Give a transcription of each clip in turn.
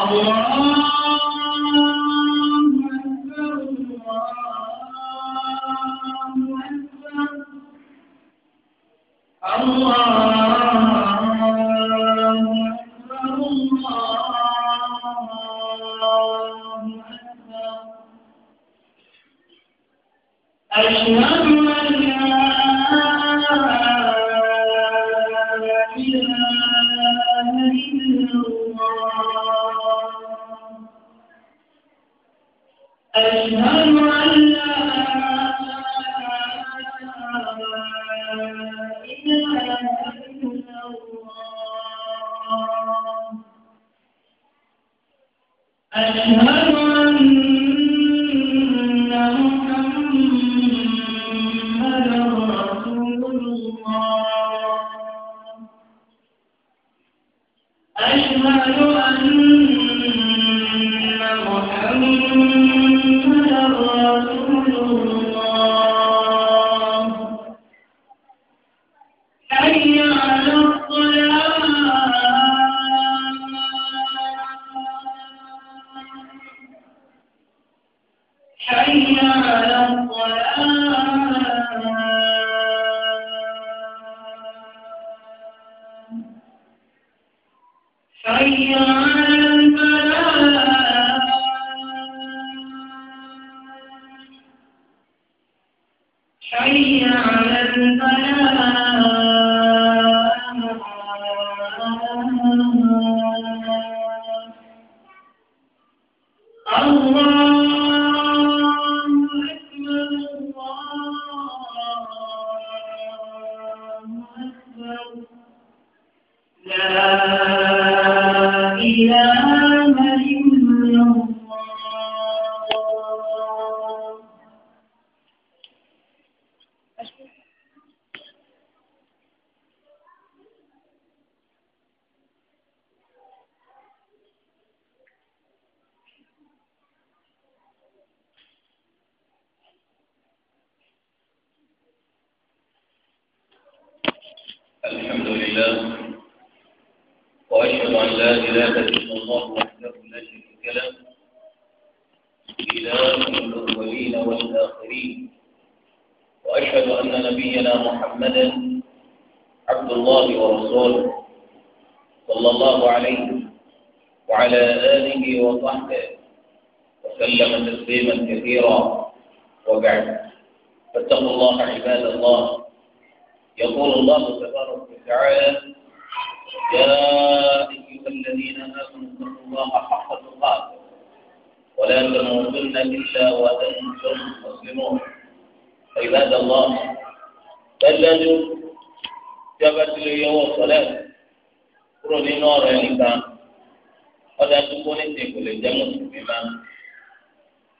àwòrán. حي على الفلاح kúrò nínú ọ̀rọ̀ ẹnìkan ọ̀dà tó kó ní tèkó lè jẹ́ mùsùlùmí má.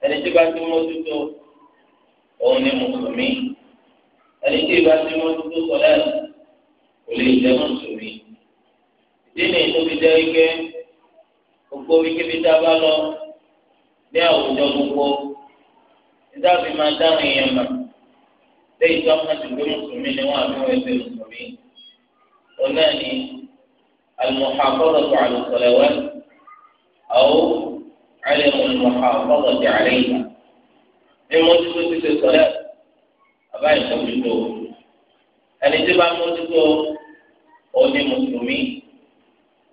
ẹni tí bá ti mójútó òun ni mùsùlùmí ẹni tí bá ti mójútó sọ̀lẹ́ kò lè jẹ́ mùsùlùmí. ìdí nìyí tó fi jẹ́ ike gbogbo wíkíbi tá a bá lọ ní àwùjọ gbogbo nígbà tí máa dáhùn èèyàn mà lẹ́yìn tó wọn ti gbé mùsùlùmí ni wọn àbí wọn ẹgbẹ́ mùsùlùmí. òun ni. المحافظة على الصلوات أو علم المحافظة عليها ní mo ti tó ti ṣe sọlẹ bàbá ìmójútó ẹni tí bá mójútó òun ni mùsùlùmí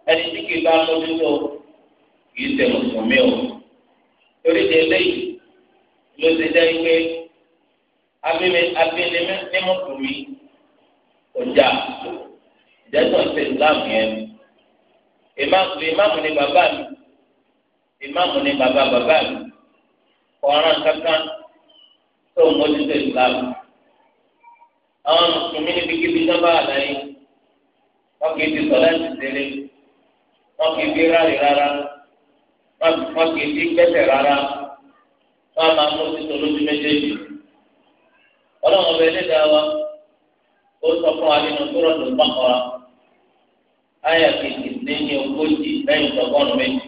ẹni tí kì í bá mójútó kì í ṣe mùsùlùmí o torí de eléyìí ló ti jẹ́ pé abínimí ní mùsùlùmí kò já ìjẹ́sọ̀ ṣe Islam yẹn ìmáàmù ìmáàmù ni bàbá mi ìmáàmù ni bàbá bàbá mi ọ̀ràn kankan tó ń mójútó ìsìlámù àwọn mùsùlùmí níbi kíbi sábà àlàyé wọn kì í ti sọ láti tẹ̀lé wọn kì í fi ráàlì rárá wọn kì í fi gbẹ́sẹ̀ rárá wọn máa mójútó lójú méjèèjì ọlọ́run ọbẹ̀ nígbà wa ó sọ fún wa nínú sọ́rọ̀ tó ń bá kọ́ra ayé àti ìdí lẹ́yìn ogójì lẹ́yìn tọ́gbọ́n méjì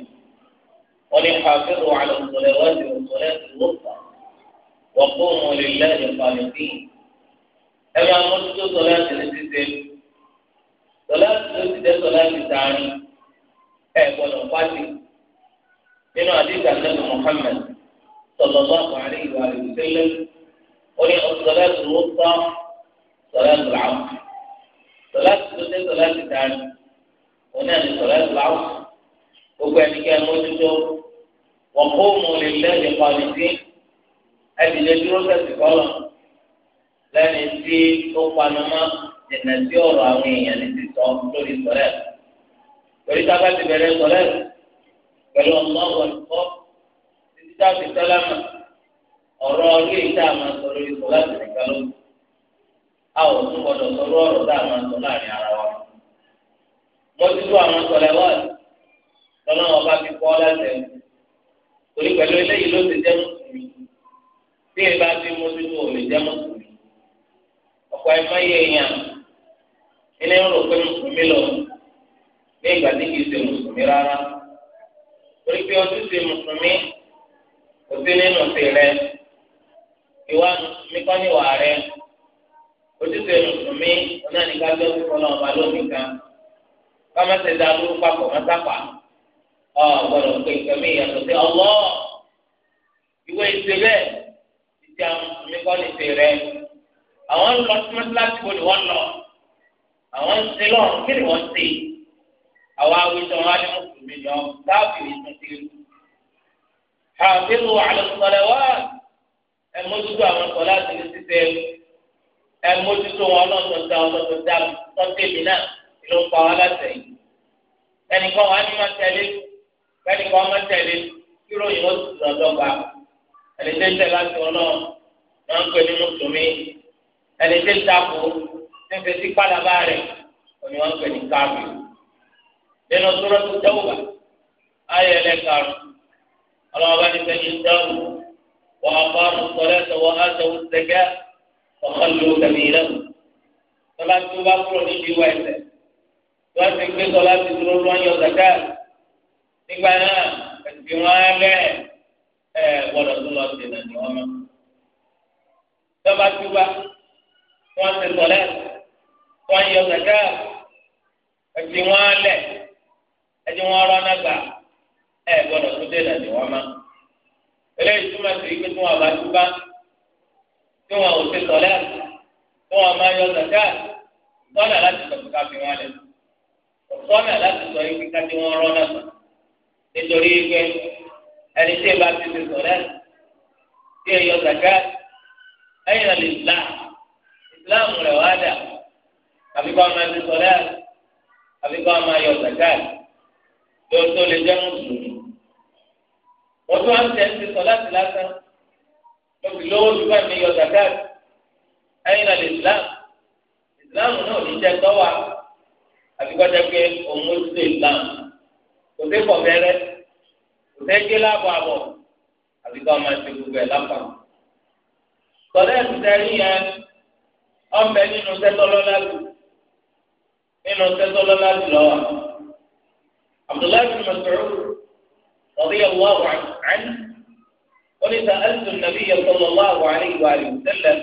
wọ́n ní hafizu ala salawati wa salati wusta wa qumu lillahi qanitin ẹ máa mójútó sọlá ti ní títẹ sọlá ti ní títẹ sọlá ti tààrí ẹ gbọ́dọ̀ pàṣẹ nínú àdìgbà nàbì Muhammad sallallahu alaihi wa sallam wọ́n ní sọlá ti wusta sọlá ti làwọn sọlá ti tó tẹ sọlá ti tààrí oní ẹni sọ̀rọ̀ ẹ̀sùn láwù gbogbo ẹni kẹ́ ẹ mójútó wọ́n kó mu lè lẹ́yìn kọ́ni sí ẹni lè dúró sẹ̀sì kọ́lọ̀ lẹ́ni tí ó panamọ́ dènà sí ọ̀rọ̀ àwọn èèyàn ní sísọ lórí sọ̀rọ̀ ẹ̀ torí sábà ti bẹ̀rẹ̀ sọ̀rọ̀ ẹ̀ pẹ̀lú ọ̀sán ọ̀kọ́ títí táàbì sálámà ọ̀rọ̀ orí ìta àmà sọ lórí sọ̀rọ̀ àti nìkan ló a ò tún gbọdọ̀ sọ̀rọ̀ ọ̀rọ̀ tá àmà mójútó àwọn sọlẹ́wọ́ọ̀lù lọ́nà ọba fi kọ́ láti ẹ̀ torí pẹ̀lú eléyìí ló ti jẹ́ mùsùlùmí tí ẹ bá fi mójútó òmì jẹ́ mùsùlùmí ọ̀pọ̀ ẹ̀ má yẹ èèyàn ilé ń rò pé mùsùlùmí lọ ní ìgbà tí kìí ṣe mùsùlùmí rárá torí pé ọdún ṣe mùsùlùmí kò sí nínú ti rẹ ìwà mùsùlùmí kọ́ níwà rẹ ojúṣe mùsùlùmí ọ̀nà ìgbàjọ́ fífọ́ náà ọba lónìí kan kama ṣe da lóru papọ̀ má sápà ọ gbọdọ̀ pé nǹkan mi yàtọ̀ sí ọlọ́ ìwé ìṣe bẹ́ẹ̀ ìṣe àwọn mi kọ́ ní ìṣe rẹ àwọn ń lọ sí láti wo ni wọ́n lọ àwọn ń ṣe lọ́rùn kí ni wọ́n ṣe àwọn awùjọ wọn á ní mùsùlùmí ni wọn káàkiri tún ti rú àbílù àlùsọ̀rẹ̀ wá ẹ mójútó àwọn sọ láti ní ṣíṣe ẹ mójútó wọn lọ́sọ̀ọ́sọ̀ ọ̀sọ̀ọ̀sọ̀ dá tọ́tẹ̀mí náà ló ń pa wá látẹ̀yìn ẹnìkan wà ní ma tẹ̀lé ẹnìkan ma tẹ̀lé kíròyìn ó sì sọ dọ́gba ẹni tẹ́ tẹ̀ láti wọn náà náà ń pè ní mùsùlùmí ẹni tẹ́ tako ní fèsì pàdàbà rẹ̀ òní wọn ń pè ní káàbì nínú sọ́rọ́ tó tẹ́wò bá ayé ẹlẹ́kàrún ọlọ́mọba ní sẹ́yìn dáhùn wọ́n á bá sọ̀rọ̀ ẹ̀sọ̀ wọ́n á sọ̀rọ̀ sẹ́gẹ́ ọ̀kan ló tẹ̀lé lẹ́nu tọ́lá tó bá kúrò níbi wá ẹ̀sẹ̀ tí wọ́n ti gbé sọlá ti dúró lọ́wọ́ yọ zaka nígbà náà ẹ̀sì wọn lẹ̀ ẹ̀ gbọ́dọ̀ tó lọ sí nà ní wọn mọ́. tọ́ba tí wá wọ́n ti sọlẹ̀ wọ́n yọ zaka ẹ̀sì wọn lẹ̀ ẹ̀sì wọn rọ́ nàgbà ẹ̀ gbọ́dọ̀ tó dé nà ní mọ́. eléyìí túmọ̀ sí pé tí wọ́n bá túbá tí wọ́n ò ti sọlẹ̀ tí wọ́n máa yọ zaka wọ́n nà láti sọ̀tún ká fi wọn lẹ̀ ọ̀sọ́nà láti sọ ibi kájí wọn rọ́ náà sọ nítorí pé ẹni tí ìbá ti ti sọ lẹ́nu tí èyí ọ̀sà ká ẹ̀yìn àlè islam islam rẹ̀ wá dà àfi kọ́ ọmọ ti sọ lẹ́nu àfi kọ́ ọmọ ayọ̀ ọ̀sà ká tó tó lè jẹ́ mùsùlùmí. wọ́n tún wá ń tẹ̀ ti sọ láti lásán ló fi lówó ju bá mi yọ ká ẹ̀yìn àlè islam islam náà ò ní jẹ́ tọ́wọ́ àbíkọ́jà pé òun ṣe islam kò sí kọ̀bẹ́rẹ́ kò sí ẹgbẹ́ láàbọ̀ àbọ̀ àbíkọ́ ọmọ ti gbogbo ẹ̀ lápá. sọ̀rọ̀ ẹ̀sìn tẹ̀lé yẹn ọ̀bẹ nínú sẹ́tọ́lọ́lá jù nínú sẹ́tọ́lọ́lá jù lọ́wọ́. abdullahi bin mas'ud radiyallahu anhu قلت سألت النبي صلى الله عليه وآله وسلم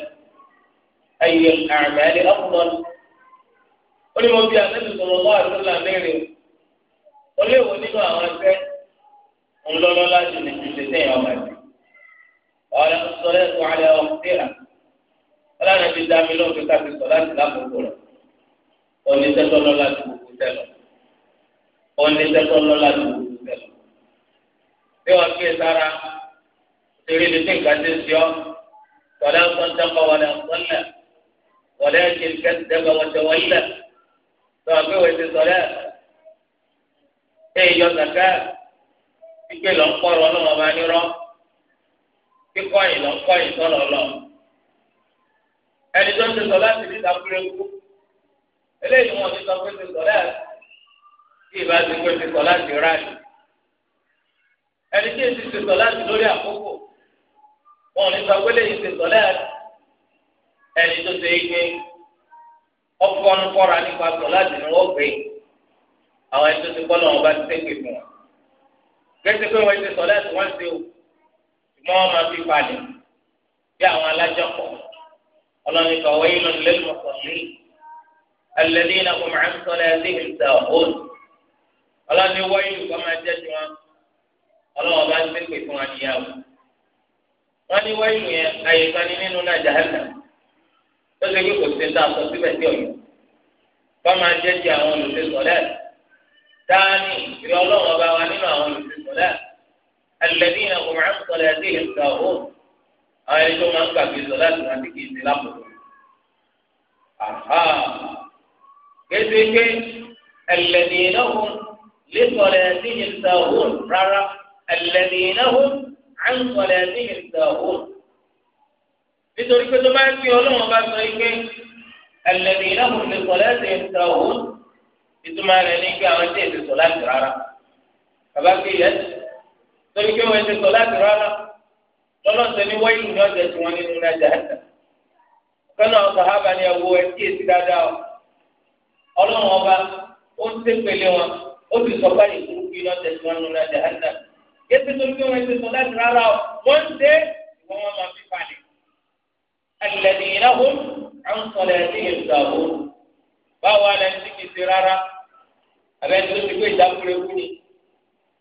أي الأعمال أفضل ó ní mo bí àlejò sọ̀rọ̀ lọ́wọ́ àdúrà mẹ́rin ó léèwọ̀ nínú àwọn ẹgbẹ́ ńlọ́lọ́ láti lè ti ṣe sẹ́yìn ọmọ ẹ̀sìn ọ̀rẹ́ sọ̀rọ̀ ẹ̀sùn alẹ́ ọ̀hún síra ọlọ́run ti dá mi lóhùn kíkà ti sọ láti lákòókò rẹ̀ oníṣẹ́tọ́ lọ́la ti gbogbo sẹ́lọ̀ oníṣẹ́tọ́ lọ́la gbogbo sẹ́lọ̀ bí wọ́n fi sára lọ́wọ́ pé wọ́n ti sọ̀rọ̀ ẹ̀ yọ zaka gbígbé lọ ń kọ́rọ̀ ọlọ́wọ́ bá nírọ́ kíkọ́yìn lọ ń kọ́yìn sọ̀rọ̀ lọ. ẹni tó ń ti sọ láti ní ìdàkúrẹ́ kú eléyìí ti sọ pé ti sọ̀rọ̀ ẹ̀ ìbá ti pé ti sọ láti ẹni tí èsì ti sọ sọ pé ti sọ̀rọ̀ ẹ̀ ẹni ọkọnu kọra nípa sọ láti ní wọn gbé àwọn ẹni tó ti kọ́ lọ́wọ́ bá ti tẹ́gbẹ̀ fún wọn. gẹ́gẹ́ pé wọ́n ti sọ láti wọ́n ṣe o mọ́ wọn máa fi palẹ̀ bí àwọn alájọpọ̀ ọlọ́ni kan wọ́n yín lọ lẹ́nu mọ̀sánlé ẹlẹ́dí iná kò máa ń sọ lẹ́yìn sí ìta òun ọlọ́ni wọ́n yín kọ́ máa jẹ́ tiwọn ọlọ́wọ́ bá ti tẹ́gbẹ̀ fún wọn níyàwó. wọ́n ní wọ́n yín yẹn tọ́jú yìí kò sí ta sọ síbẹ̀ sí ọ̀yọ́ fọ́ọ̀mù ajẹ́ ti àwọn olùsèsọ̀lẹ̀ dání ìrẹ́ ọlọ́run ọba wa nínú àwọn olùsèsọ̀lẹ̀ ẹlẹ́dín náà kò máa ń sọ̀lẹ̀ ẹ̀dí ìta ó àwọn ẹni tó máa ń gbàgbé sọ̀lẹ̀ àti láti kì í ti lápòtò. kéṣeké ẹlẹ́dín náà kò lè sọ̀lẹ̀ ẹ̀dí ìta ó rárá ẹlẹ́dín náà kò ń sọ̀lẹ̀ ẹ̀dí ìta ó nítorí pé tó bá ń pè ọlọ́wọ́n bá sọ pé ẹlẹ́dẹ̀ ìlànà òfin sọ lẹ́sẹ̀ ń ta òun ìtumọ̀ rẹ̀ ní pé àwọn tẹ̀sí sọ láti rárá bàbá pé yẹ torí pé wọ́n ti sọ láti rárá lọ́lọ́sẹ̀ ní wáyé ìyọ́ jẹ tí wọ́n nínú náà jáde kọ́nà ọ̀sọ̀hábà ni ẹ̀wọ́ ẹ̀ kí èsì dáadáa ọlọ́run ọba ó ń tẹ́pẹ̀lẹ́ wọn ó ti sọ láti rárá wọ́n الذين هم عن صلاتهم ساهون báwo la ti kì í ṣe rárá abẹ́ni tó ti gbé ìdákúrẹ́ kú ni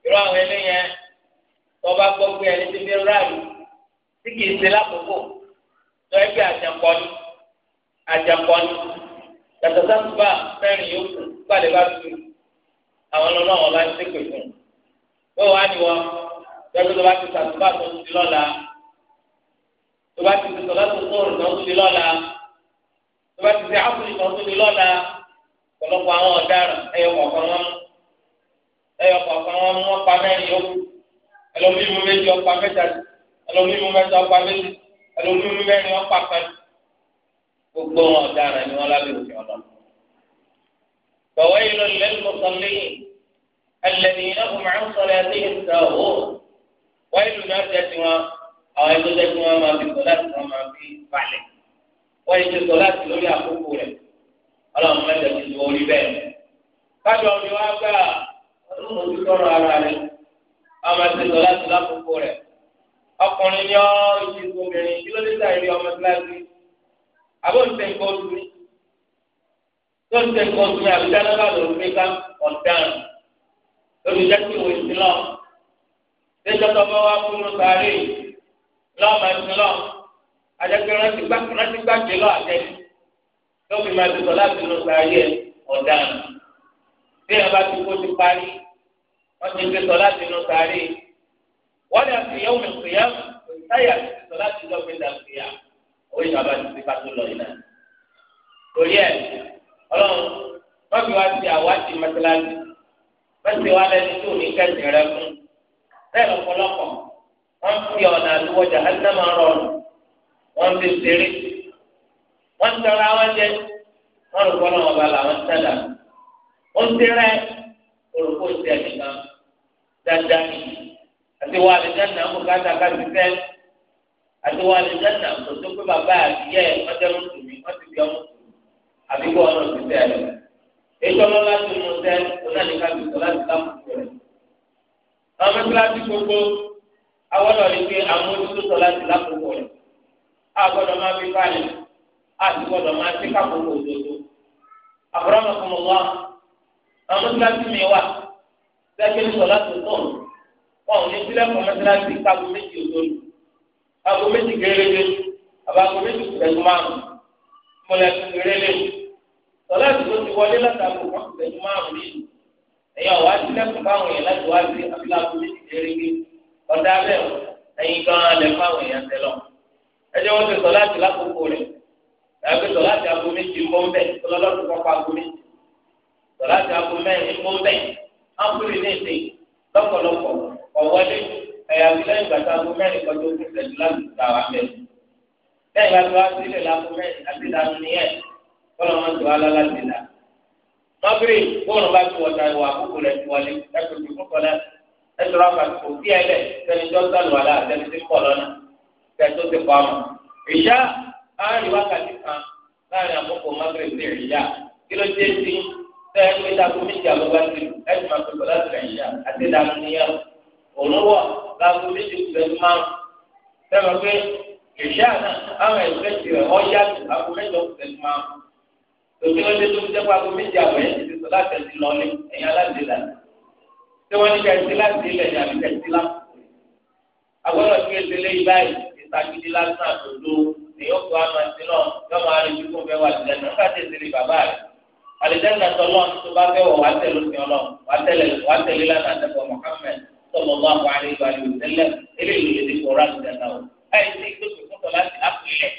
irú àwọn eléyẹn tọ́ba gbọ́ pé ẹni tí fi ráàlú tí kì í ṣe lákòókò bá tu àwọn ọlọ́run àwọn bá fún un bó wàá ní wọn gbẹ́gbẹ́ tó bá ti lọ́la. tó bá ti fi sọ̀rọ̀ tó tóòrùn náà tó lé lọ́la tó bá ti fi áfírí kan tó lé lọ́la ọ̀pọ̀lọpọ̀ àwọn ọ̀daràn ẹyọ kọ̀ọ̀kan wọn ẹyọ kọ̀ọ̀kan wọn mú ọ̀pá mẹ́rin yó ẹlòmímú méjì ọ̀pá mẹ́ta ẹlòmímú mẹ́ta ọ̀pá méjì ẹlòmímú mẹ́rin ọ̀pá kan gbogbo wọn ọ̀daràn ni wọn lábẹ́ òfin ọ̀dọ́. bọ̀wọ́ ló lẹ́nu mọ́sánlẹ́yìn ẹlẹ́ni iná àwọn ẹgbẹ́ tẹ́ kí wọ́n máa fi sọ láti wọ́n máa fi falẹ̀ wọ́n yìí ti sọ láti lórí àkókò rẹ̀ ọlọ́run mẹ́ta ti sọ orí bẹ́ẹ̀. kájọ mi wá gbà ọdún mo ti tọrọ ara rẹ̀ ọmọ ti sọ láti lákòókò rẹ̀ ọkùnrin ni ọ́ ti sọ obìnrin kí ló dé sáà rí ọmọ kíláàsì àbọ̀ ń tẹ̀ ń kọ́ oṣù mi tó ń tẹ̀ ń oṣù mi àbí dáná bá lòún mi ká ọ̀dàn olùjẹ́sìn òsì náà ṣé jọ́tọ̀ bá lọ́mọ ẹ̀sìn lọ àjẹpẹ́ rántí gbá rántí gbá jẹ lọ àtẹ́lẹ̀ lọ́mọ ìmọ̀ àdúgbò láti lọ sàárì ẹ̀ ọ̀daràn bí ẹ bá ti kó ti parí wọ́n ti gbé sọ láti lọ sàárì wọ́n lè fi yẹ́wò ìpìyà táyà ti sọ láti lọ fi dàgbìyà ó yẹ bàbá ti fi kátó lọ iná. torí ẹ ọlọ́run wọ́n fi wá sí àwátì mẹ́tẹ́láṣí wọ́n ti wá lẹ́ni tó ní kẹ́sì rẹ fún bẹ́ẹ̀ lọ́pọ̀lọpọ̀ wọ́n fi ọ̀nà àtiwọ́jà ẹ̀dámà rọrùn wọ́n fi ṣeré wọ́n tẹ̀ra wọn jẹ wọ́n rò fọ́nà ọba làwọn tẹ̀dá wọ́n tẹ̀rẹ̀ olùkó tẹ̀ nìkan dáadáa ni àti wà lẹ́dánà kó káta ká ti fẹ́ àti wà lẹ́dánà kó tó pé bàbá àti yẹ wọ́n tẹ̀ wọ́n tùmí wọ́n ti fi ọmọ tùmí àbí kó ọ̀nà ti tẹ̀ lọ. èyí ọlọ́lá ti mú sẹ́ ọ̀nà nìkan ti láti ká àwọn náà lè pe àmójútó sọ láti lákòókò rẹ̀ a gbọ́dọ̀ máa fi falẹ̀ a ti gbọ́dọ̀ máa ti kákòókò òdodo àbúrọ̀mọ̀ fún wa àwọn mọ́sálásí mi wà sẹ́kẹ́ ní sọ̀lá tó tọ̀ wọn ò ní sílẹ̀kùn mọ́sálásí kágo méjì òdodo kágo méjì gẹ́gẹ́ àbáko méjì kùtẹ̀kùn márùn-ún mọ̀lẹ́kùn gẹ́gẹ́ sọ̀lá tó ti wọlé látàkùn kùtẹ̀kùn márùn-ún ẹ̀yà wá sílẹ̀kùn báwọn yẹn láti wá sí abiláàbò méjì gẹ́gẹ́ ọ̀dà bẹ́ẹ̀ ẹ̀yin gan-an lè fáwọn èèyàn tẹ́lọ̀ ẹjẹ́ wọn ti sọ láti lákòókò rẹ̀ ẹgbẹ́ sọ láti aago méjì ń bọ́ ń bẹ̀ ọlọ́dún kọ́kọ́ aago méjì sọ láti aago mẹ́rin ń bọ́ ń bẹ̀ áńkúrì ní ìsìn lọ́pọ̀lọpọ̀ ọ̀wọ́dé ẹ̀yà lẹ́yìn gbàtà aago mẹ́rin kọjú ogún ìṣẹ́jú láti ta wà mẹ́ lẹ́yìn gbàtà wá sílẹ̀ láago mẹ́rin àti ìdánù nìyẹn kọ́lọ́ wọn tó alá láti dà. mọ́gírì ẹsọ̀rọ̀ àfàlù kò sí ẹlẹ̀ sẹ́ni tó sàlù wàlà sẹ́ni tó pọ̀ lọ́nà sẹ́ni tó ti pọ̀ ọmọ. ìyá àárí wákàtí kan láàrin àkókò magreth ní ìyá kí ló dé sí sẹ́ni pé dàgbó méjì àlọ́gbà ti lù ẹ̀sùn máa tó bọ̀lá sílẹ̀ ìyá àti dàgbó níyà òun wọ̀ dàgbó méjì pẹ̀lú márùn sẹ́wọ̀n pé ìyá náà àwọn ẹ̀sẹ̀ tirẹ̀ ọ yàtọ̀ dàgbó méjì pẹ̀lú márùn tòkí ló dé tó fi jẹ́ pé dàgbó méjì àwẹ̀ ẹ̀ ṣé wọ́n ní kẹ̀sí láti ilẹ̀ ní àbí kẹ̀sí láti ilẹ̀. agbọ́dọ̀ fi èsì lé yí báyìí ìtàgídí lásán àtòdó èyókù àmàtí náà yọmọ arìnrìn fún bẹ́ẹ̀ wà sílẹ̀ náà nígbà tẹ̀sí lè bàbá rẹ̀. àlìjẹ́nà tọ́lọ́ tó bá fẹ́ wọ̀ wá tẹ̀lé òfin ọlọ́ wá tẹ̀lé lánàá tẹ̀kọ̀ Muhammad sọ̀rọ̀ lọ́wọ́ àwọn àlejò àlejò tẹ́lẹ̀ eléyìí lè dìbò rà sílẹ̀ náà. àìsí ìgbésùn fún tọ́lá ti lápìlẹ̀.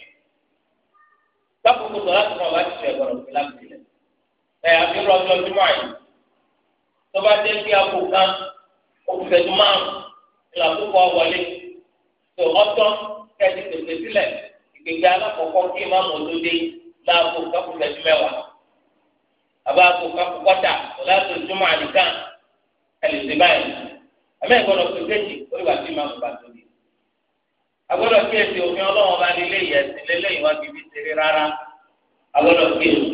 sábùkù tọ́lá ti náà ti fẹ́ gbọ́dọ̀ fi lápìlẹ̀. ẹ̀ àbí rọ́ọ̀dọ́ tọ́ba jẹ́ pé aago kan òfìsẹ̀dù márùn ìlàkókò wọlé tó ọtọ́ kẹ́ẹ̀dì pèsè sílẹ̀ ìgbèjà alákọ̀ọ́kọ́ kí ìmáàmù òdòdó láago káfíńsẹ̀dù mẹ́wàá àbá aago káfíńkọ́tà ọ̀làtò ìjọmọ̀ àdìgán ẹ̀lẹ́sẹ̀ báyìí àmẹ́rin gbọ́dọ̀ pé kéjì oríwà tí ìmáàmù bá tó di. agbọ́dọ̀ kí èsì òfin ọlọ́wọ́n bá nílé ìyẹ̀sìn lélẹ́yìn wá bíbí ṣeré rárá agbọ́dọ̀ kí èsì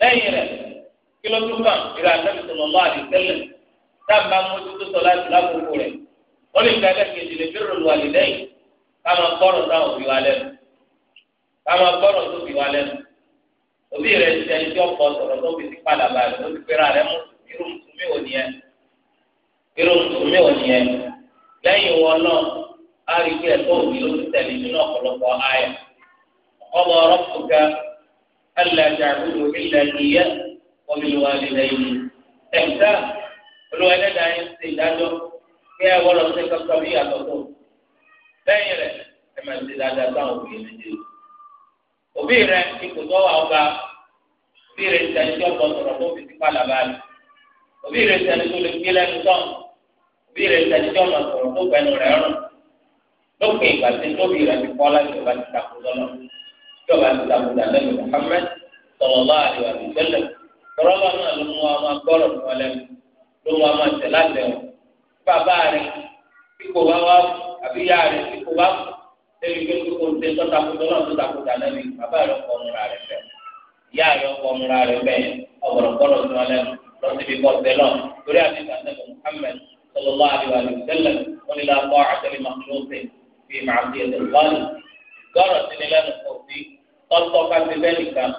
lẹ́yìn rẹ̀ kí ló tún kàn ìrẹ́ àtẹ́bí sọ̀rọ̀ lọ́wọ́ àdìsẹ́lẹ̀ dábàá mójútó sọ láti lákòókò rẹ̀ ó lè gba ẹlẹ́kejì lè bírò lu àlìlẹ́yìn káma gbọ́rọ̀ sáwọn òbí wa lẹ́nu káma gbọ́rọ̀ tó bí wa lẹ́nu òbí rẹ̀ ti ẹni tí ọkọ̀ sọ̀rọ̀ tó fi ti padà bá rẹ̀ tó ti pera rẹ̀ mú irú mùsùlùmí ò ní ẹ lẹ́yìn wọn náà á rí pé ẹ̀tọ́ òbí ló ti tẹ̀lé nínú ọ̀pọ̀lọpọ̀ ayọ̀ ọmọ ọ̀rọ̀ وبالوالدين إحسان الوالد عين سيداته كي أولا سيكا صبيعة تقول lẹ́yìn rẹ̀ ẹ máa ti dáadáa sáwọn òbí méjèèjì. òbí rẹ̀ ipò tó wà ọba òbí rẹ̀ sẹ́ni tó bọ̀ sọ̀rọ̀ tó fi tipa làbá rẹ̀ òbí rẹ̀ sẹ́ni tó lè gbé lẹ́nu tán òbí rẹ̀ sẹ́ni tó lọ sọ̀rọ̀ tó bẹnu rẹ̀ rùn lókè ìgbà tí tóbi rẹ̀ ti kọ́ láti ọba ti takò lọ́nà tí ọba ti takò lọ́nà Muhammad sallallahu alaihi wa tọ́lọ́lọ́ náà ló mú wa máa gbọ́rọ̀ fún ọ lẹ́nu ló mú wa máa tẹ̀ láti ẹ̀wọ̀n bàbá rẹ̀ tí kò bá wá àbí ìyá rẹ̀ tí kò bá ẹbí pé kó o ṣe tọ́takùtà náà tọ́takùtà lẹ́nu bàbá rẹ̀ kọ́ ọmúra rẹ̀ fẹ́ ìyá rẹ̀ kọ́ ọmúra rẹ̀ fẹ́ ọ̀gbọ̀rọ̀ gbọ́rọ̀ fún ọ lẹ́nu lọ́sí bí bọ́ọ̀ bẹ́ẹ̀ lọ torí àdìgbà sẹ́kọ̀ Muhammad sallallahu alayhi wa sallam wọn ni lápá àtẹlẹ màkúlóṣe fi màkúlóṣe lọ́ọ̀lù gbọ́rọ̀ sí ni lẹ́nu kò sí tọ́tọ́ ká ti bẹ́ẹ̀ nìkan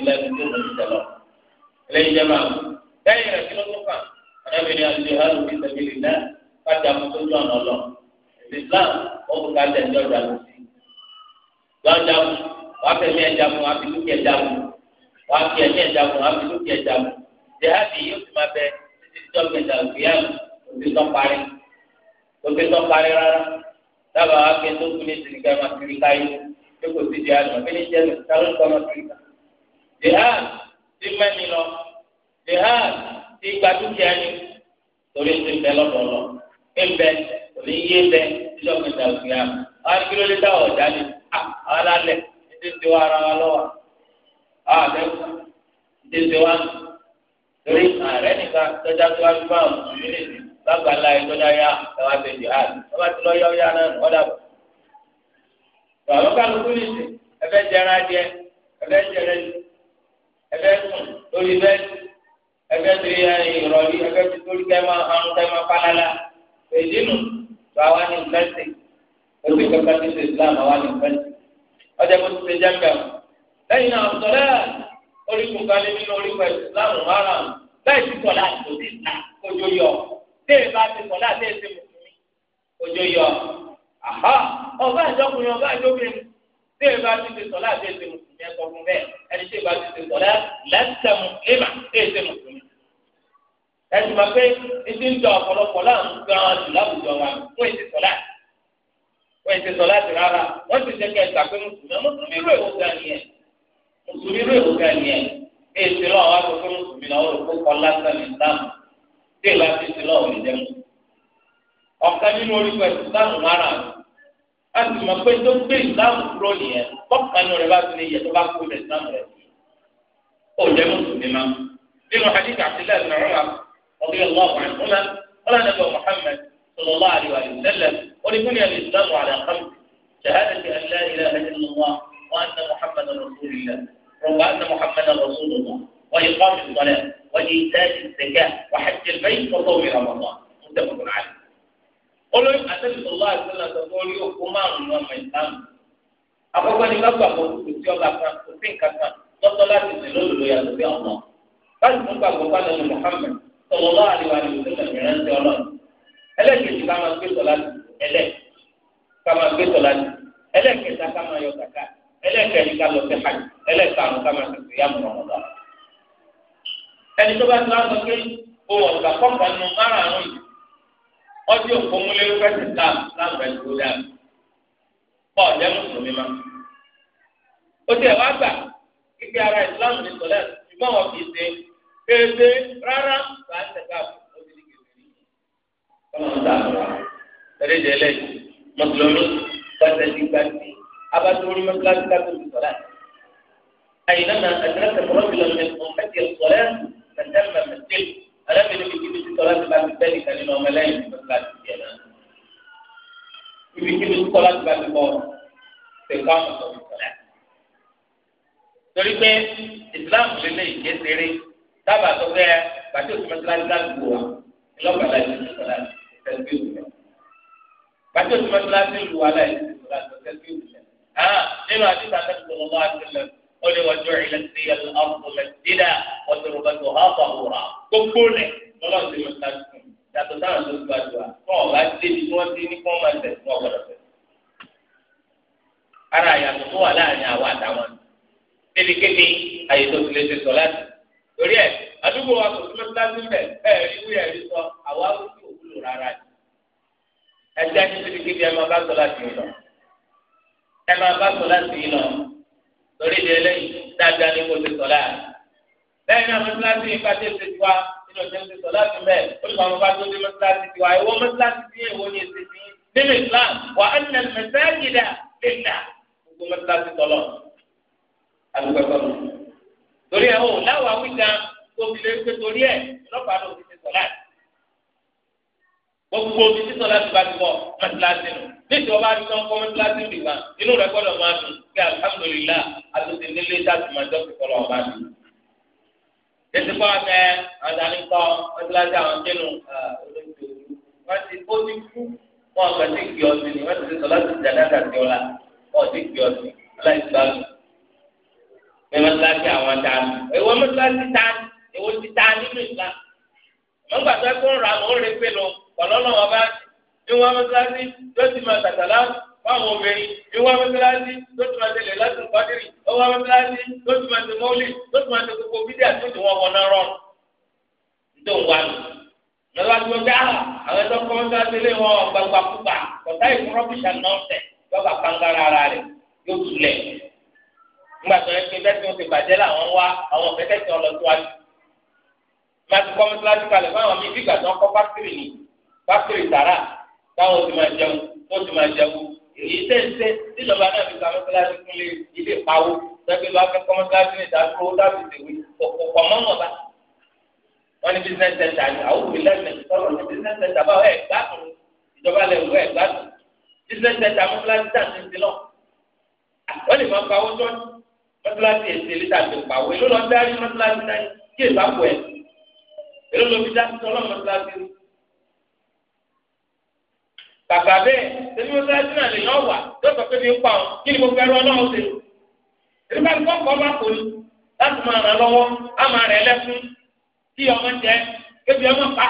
ní eléyìí jẹ́ bá wọn. lẹ́yìn rẹ̀ kí ló tún kàn ọ̀dọ́bìnrin àti ìhàlù fi tẹ̀lé ìlà kájà fún tó jọ ọ̀nà lọ. Islam ó kú kájà ẹ̀jẹ̀ ọ̀dà lọ sí. lọ́jà mu wàá fẹ̀mí ẹ̀jà mu wàá fi dúkìá ẹ̀jà mu wàá fi ẹ̀mí ẹ̀jà mu wàá fi dúkìá ẹ̀jà mu. jihadi yóò fi máa bẹ títí tó gbẹ̀dà òkèèyàn òfin tó parí òfin tó parí rárá ti mẹ́ni lọ jihad ti gba ni torí ti bẹ lọ́dọọlọ ẹbẹ òní yé bẹ nílò kẹta òkúya àwọn kí ló lè dá ọjà ni àwọn alálẹ̀ ètò ìṣe wa ara wa lọ́wọ́ àwọn àbẹ̀wò ètò ìṣe wa torí ààrẹ nìkan tọ́jà tó wá fi bá àwọn òṣèlú lè dì bàbá ńlá yìí tọ́jà yá ẹ̀wá ṣe jihad bàbá ti lọ yá ọyá náà ní ọ̀dà bọ̀. bàbá kálukú nìṣẹ́ ẹ̀fẹ́ jẹrán adìẹ ẹ̀fẹ́ jẹrán adìẹ ẹfẹ sùn lórí bẹ́ẹ̀ ẹfẹ ti ìrọ̀lì ẹfẹ ti torí kẹmọ àrùn kẹmọ falala èyí nù tó àwa ní ìfẹsẹ lórí kẹkẹ ti ṣe islam àwa ní ìfẹsẹ ọjà bó ti ṣe jẹmbẹ o lẹ́yìn náà sọlẹ oríkùn kalẹ̀ nínú oríkùn islam haram bẹ́ẹ̀ ti sọlá kò sí ìta kójó yọ téè bá ti sọlá téè ti mùsùlùmí kójó yọ àhá ọba àjọkùnrin ọba àjọkùnrin tí èyí bá ti ṣe sọlá àti èsè mùsùlùmí ẹ sọ fún bẹ́ẹ̀ ẹni tí èyí bá ti ṣe sọlá lẹsẹ mùsùlùmí tí èsè mùsùlùmí. ẹtù máa pé etí ń jọ ọ̀pọ̀lọpọ̀ láàmú gan-an jù láwùjọ wa fún èsè sọlá fún èsè sọlá ti rárá wọ́n ti jẹ́ kí ẹ sàpé mùsùlùmí mùsùlùmí rú èwo gan nìyẹn mùsùlùmí rú èwo gan nìyẹn èsè lọ́wọ́ wá sọ fún mùsùlùmí náà ó rò kókọ lásán ìsìlámù tí èyí bá ti ṣe lọ́wọ́ a sì mọ̀ pé tó ń gbé ìsìláàmù kúrò nìyẹn bọ́ọ̀kanú rẹ̀ bá ti lè yẹ tó bá kú lẹ̀ ìsìláàmù rẹ̀ ó jẹ́ mùsùlùmí ma nínú hadith Abdullahi bin Umar ọ̀gbìn ọlọ́wọ́ àwọn ọ̀nà ọlọ́dẹ̀bẹ̀ Muhammad sallallahu alayhi wa sallam ó ní kúnyà ní ìsìláàmù àlẹ́ àkàmù shahadati an la ilaha illallah wa anna Muhammadan rasulillah wa anna Muhammadan rasulullah wa iqamis salat wa ita'i zakah wa hajj al-bayt wa sawmi ramadan muttafaqun alayh olórí àtẹnudọ wà àtẹnudọ sọ fún orí òkú márùnún ọmọ ìsàmù àkọ́kọ́ ni gbàgbà kó kò sí ọba kan kò sí nǹkan kan lọ́tọ̀ láti sè lódodo yàtọ̀ sí ọmọ báyìí fún gbàgbọ́ bá lẹnu Muhammad sọlọ lọ àríwá ni òṣèlú ìrìn ẹsẹ Ọlọ́run ẹlẹ́kẹjì ká máa gbé sọlá ẹlẹ ká máa gbé sọlá ẹlẹ́kẹta ká máa yọ ọdí òkòmúlé fẹsẹ islam islam rẹ ló dà pọ ọjọ mùsùlùmí ma ó ti ẹ wá gbà kíkẹ ara islam ní sọlẹ ṣùgbọ́n wọn kì í ṣe kéde rárá bá ń tẹka ó ti di kékeré Ọlọ́run dà lọ tẹ́lẹ̀ tẹ́lẹ̀ mùsùlùmí fẹsẹ ti gbà sí abatowórí mẹsàlásí káfí ní sọlẹ àyìnlá náà àti náà tẹkọrọ ní ọmọ mẹtì sọlẹ mẹtẹlẹ arábìnrin mi kíbi títọ́ láti bá ti tẹ́ nìkan nínú ọmọ ẹlẹ́yìn tó ti láti tiẹ̀ náà ibi kíbi títọ́ láti bá ti bọ̀ ṣèkọ́ àwọn ọ̀sán mi sọ̀rọ̀ torí Islam lè lè ké seré dábàá tó fẹ́ pàṣẹ òṣùmọ̀ tí láti láti wò wá ìlọ́pàá láti ti sọ̀rọ̀ láti tẹ̀sí òṣùmọ̀ pàṣẹ òṣùmọ̀ tí láti lù wá láti ti sọ̀rọ̀ láti tẹ̀sí قل وجعلت لي الأرض مسجدا وتربتها طهورا كقولة الله زي ما تقول yàtọ̀ táwọn tó gbàdúrà wọn ò bá dé ibi tí wọ́n ti ní kí wọ́n máa tẹ̀ fún ọ̀gbọ̀dọ̀ tẹ̀. ara yàtọ̀ tó wà láàrin àwa àtàwọn níbi kébi àyè tó ti lè ṣe sọ láti. torí ẹ àdúgbò wa kò tún lọ́sí láti bẹ̀ ẹ rí wúyà rí sọ àwa ó sì òwúlò rárá ẹ jẹ́ kí níbi kébi ẹ máa bá sọ láti yìí lọ. ẹ máa bá sọ láti yìí lọ lórí ilé ẹlẹ́yìn dáadáa ní kò ti sọ láàrin. lẹ́yìn náà mọ́sálásí yìí pàṣẹ ti tiwa nínú ọjọ́ ti sọ láti mẹ́ olùkọ́ àwọn bá tó dé mọ́sálásí tiwa ìwọ mọ́sálásí ti yẹ ìwọ ni èsì ti nínú Islam wà á nà mẹ́sáàgìdà lẹ́nà gbogbo mọ́sálásí tọ́lọ̀ àdúgbò tọ́lọ̀. torí ẹ̀ o láwọn awíjà tóbi lè pé torí ẹ̀ lọ́pàá ló ti sọ láti. gbogbo pé alhamdulillah àtúntì nílé dáàbò máa dọ́kì kọ́lọ́ ọba mi. Tètè kọ́ ọ̀tẹ ọ̀dàní kọ́ ọ̀dàní àwọn jẹ́nu olóòtú. Wọ́n ti ó ti kú wọn kàn ti kì ọ̀sìn ni wọ́n ti sọ láti dàdá àti ọ̀la wọ́n ti kì ọ̀sìn láì gbàgbọ́. Bí wọ́n ti àwọn dànù. Èwo mú láti dànù èwo ti dà nínú ìlà. Wọ́n gbàgbọ́ kó ń ra àwọn òrèké lọ kọ̀lọ́lọ́wọ́ bá ní wọ́n mú láti tó ti máa tàtàlá fáwọn obìnrin ìwọ amẹ́sẹ̀láṣí tó ti máa tẹ̀lé láti ń pàdérì ọwọ́ amẹ́sẹ̀láṣí tó ti máa tẹ mọ́lì tó ti máa tẹ gbogbo bídíà tó ti wọ́n wọn náà rọrùn tó ń wá lọ lọ́wọ́ tí wọ́n dá àwọn ẹ̀tọ́ kọ́ ń sátẹ́lẹ̀ wọn gbangba púpà kọ̀tá ìfún rọ́bìṣà nọ́ọ̀sẹ̀ lọ́ba kangara ara rẹ̀ yóò tulẹ̀ nígbà tó yẹ kí bẹ́ẹ̀ tí wọ́n ti bàjẹ́ làwọn wá àwọn kẹ́kẹ́ tí wọ́n lọ síwájú máa ti kọ́ mọ́tíláṣí kalẹ̀ fáwọn míì bí ìgbà tí wọ́n èyí tẹ̀sẹ̀ tí ìjọba náà fi gba mọ́sálásí fún ilé ìpawó gbẹ́gbẹ́ bá fẹ́ kọ́ mọ́sálásí ní ìdádúró ó dàbí ìdèwé ọ̀pọ̀ mọ́mọ́ bá wọ́n ní business center ni àwọn òbí lẹ́sẹ̀ sọ̀rọ̀ ní business center báwo ẹ̀ gbádùn ìjọba lẹ́wọ̀ ẹ̀ gbádùn business center mọ́sálásí tàbí ti lọ. wọ́n lè máa pa owó tọ́jú mọ́sálásí èsì èlé tàbí pàwọ́ èló lọ dárí mọ́sálásí náà kí èbá pọ̀ ẹ̀ èló lọ fi dá sí ọlọ́run mọ́sálásí rí kàkà bẹ́ẹ̀ tẹ̀lé wọn sáré sínú àlè yọ̀ wà tó sọ pé mi ń pa ọ́ kí ni mo fẹ́ rọ́ náà ṣe. èmi bá gbọ́ kọ́ bá kò ní láti máa ràn lọ́wọ́ á máa rẹ̀ lẹ́kún kí ọmọ jẹ kébi ọmọ pa.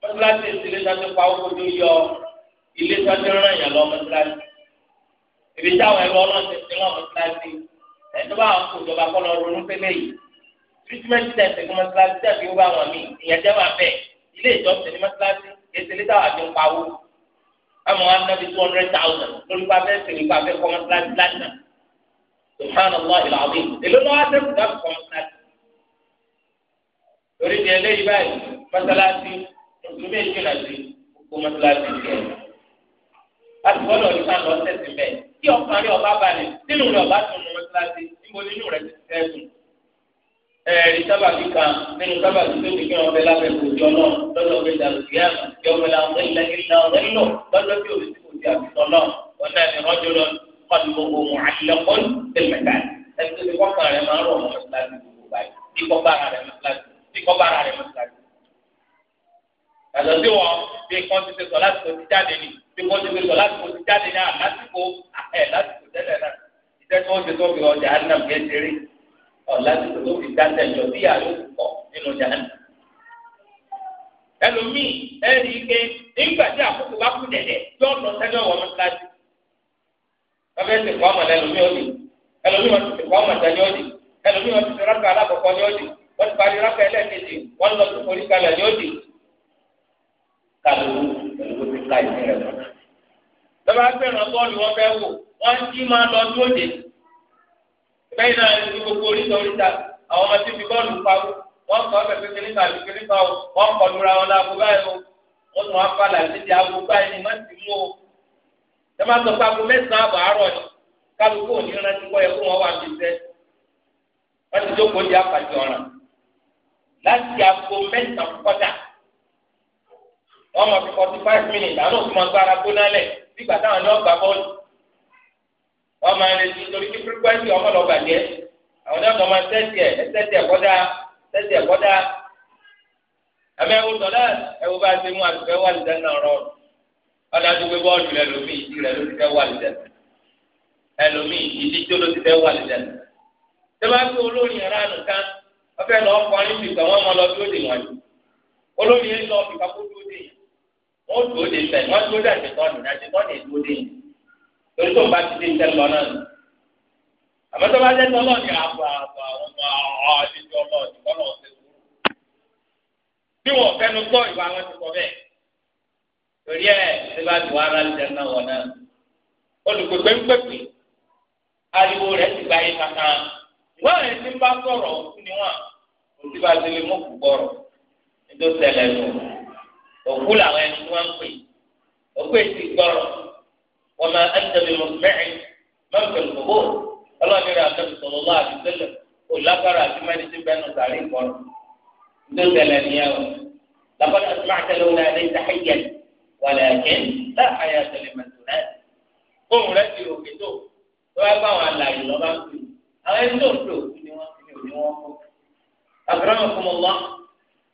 mọ́tíláṣí ìdílé sáté pa owó tó yọ ilé sáté ràn yàn lọ mọ́tíláṣí. ibi táwọn ẹ̀rọ ọlọ́run ti fi lọ́ mọ́tíláṣí ẹ̀tọ́ bá àwọn ìjọba kọ́ lọ ronú pé lẹ́yìn treatment test ní mọ́tíláṣí tẹ̀sí wọ́n bá wọn mí ìyẹn jẹ́ máa bẹ̀ ilé ìjọsìn ní àmọ́ anabi two hundred thousand lórí pàfẹ́ sèré pàfẹ́ kọ́mọ́síláṣí lánàá subhanallah al-azim èló lọ́wọ́ àtẹ̀kù dábì kọ́mọ́síláṣí. torí di eléyìí báyìí mọ́sálásí mùsùlùmí èjì náà sí kó mọ́sálásí kẹ́ láti bọ́lá òrìṣà lọ sẹ́sìn bẹ́ẹ̀ kí ọkàn rí ọba balẹ̀ nínú rẹ̀ ọba tún mọ́sálásí níbo nínú rẹ̀ ti sẹ́sìn ẹ̀rí sábàbí kan nínú sábàbí tó ti kí wọn bẹ lábẹ́ kòjọ náà lọ́dọ̀ pé dàrúdìyà kí ọmọ ilà ọ̀rẹ́ ilẹ̀ ilẹ̀ ọ̀rẹ́ lò lọ́dọ̀ tí òbí ti kò di àbùtọ̀ náà wọn náà ní rọ́jò lọ kọ́ni gbogbo ohun àtìlẹ́kọ́ tẹ̀mẹ̀ká ẹni tó ti kọ́kàn rẹ̀ máa ń rọ̀ mọ́ láti gbogbo báyìí kíkọ́ bára rẹ̀ mọ́ láti kíkọ́ bára rẹ̀ mọ́ láti. yàtọ̀ sí wọn bí kò ti ti sọ láti kò ti jáde ní bí kò ti ti sọ láti kò ti jáde ní àlásìkò àhẹ lásìkò tẹ́lẹ̀ náà ìtẹ́tọ́ ti tó fi ọjà àdínàbíyẹ́ ṣeré ọ̀làdúgbò tó fi dáńtẹ̀ jọ sí àlọ́ pọ̀ nínú jahannam. ẹlòmíì ẹ̀rí ike nígbà tí àkókò bá kú dẹ̀dẹ̀ yóò lọ sẹ́ni ọ̀wọ́ mọ́tíláṣí. bàbá ẹsẹ̀ kọ́ ọmọ ẹlòmíì ọ̀dì ẹlòmíì wọn ti kọ́ ọmọ ẹ̀dání ọ̀dì ẹlòmíì wọn ti ti rákà alákọ̀ọ́kọ́ ní ọ̀dì wọ́n ti parí rákà ẹlẹ́ẹ̀kejì wọ́n lọ sí orí kalẹ̀ ní ọ̀dì. kálukú kálukú lẹ́yìn náà ní gbogbo oríta oríta àwọn ọmọ tí fi bọ́ọ̀lù pawó wọ́n kọ́ ọbẹ̀ kékeré kan àbí kékeré o wọ́n kọ́ lura wọn láago báyìí o wọ́n tún wá falà síbi aago báyìí ni wọ́n ti mú o tẹ́lá sọ pé aago mẹ́sàn-án àbọ̀ àárọ̀ ni kálukú òní rántí kọ́ yẹ kó wọ́n wà ní iṣẹ́ wọ́n ti jókòó di apàtì ọ̀ràn láti aago mẹ́sàn-án kọ́dà wọ́n mọ̀ fi forty five minutes wọ́n máa retí torí kí frequency ọmọ lọ bàjẹ́ àwọn náà kọ́ ma tẹ́tì ẹ̀ tẹ́tì ẹ̀ kọ́dá tẹ́tì ẹ̀ kọ́dá bá ti mú àtúfẹ́ wà lìdẹ́ náà rọrùn ọ̀dà tó gbé bọ́ọ̀lù lómi ìdí ló ti fẹ́ wà lìdẹ́ ẹlòmí ìdí tó ló ti fẹ́ wà lìdẹ́ tó kọrin mọ lọ tó wọn torí tó ń bá ti dé ìtẹ́ lọ náà ni. àmọ́ tó bá jẹ́ tó lọ́ọ̀ni àbọ̀ àbọ̀ àwọn ọmọ ọ̀ àdéjọ lọ́ọ̀ni kọ́nà ọ̀sẹ̀ tó wù. bí wọ́n fẹ́nu gbọ́ ìwà wọn ti kọ bẹ́ẹ̀. torí ẹ̀ ṣe bá ti wá ara ìtẹ́ náà wọ̀ náà. olùpèpè ń pèpè ariwo rẹ̀ ti gba yín kankan. wọ́n rẹ̀ ti ń bá gbọ́rọ̀ wọ́n máa ń tẹ̀lé mọ̀mẹ́rin mọ̀mẹ́rin gbogbo ọlọ́ọ̀nìyàn àtẹ̀lé sọ̀rọ̀ lọ́wọ́ àti tẹ́lẹ̀ kò lágbára àti mẹ́rin tí bẹ́ẹ̀ nù sàrí ìkọrọ̀ ló tẹ̀lé nìyẹn o làbọ̀dọ̀ àti máa tẹ̀lé wọn àlẹ́ ìdáhẹ́yẹ wàlẹ̀ àjẹ́ láàyè àtẹ̀lé mẹ́tòrẹ́ ohun rẹ̀ ti òkè tó tó wá bá àwọn àlàyé lọ́ba ń pè àwọn ẹni tó ń pè òkú ni wọ́n fi òní wọn kó àbúrò fún mi wá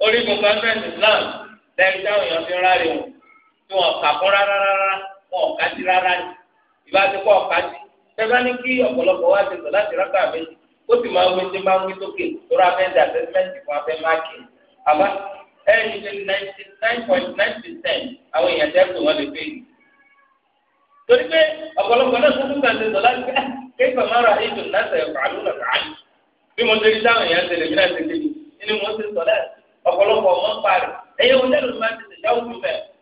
orí gbogbo ẹgbẹ́ Islam lẹ́yìn táwọn èèyàn fi ń rárẹ̀ wọn tí wọ́n kà fún rárá rárá wọn ò kájí rárá ni ìbá ti kọ́ ọ̀kájí tẹ́lá ní kí ọ̀pọ̀lọpọ̀ wá ti sọ láti rákà méjì ó sì máa wí tí máa ń wí sókè lórí fún abẹ́ máàkì àbá ẹ̀yìn ní ninety nine point nine percent àwọn èèyàn tẹ́ lè fẹ́ yìí. torí pé ọ̀pọ̀lọpọ̀ náà tó sọ láti ra ètò ìnáṣẹ̀ fàálù nà fàálù bí mo ṣe rí táwọn èèyàn ṣe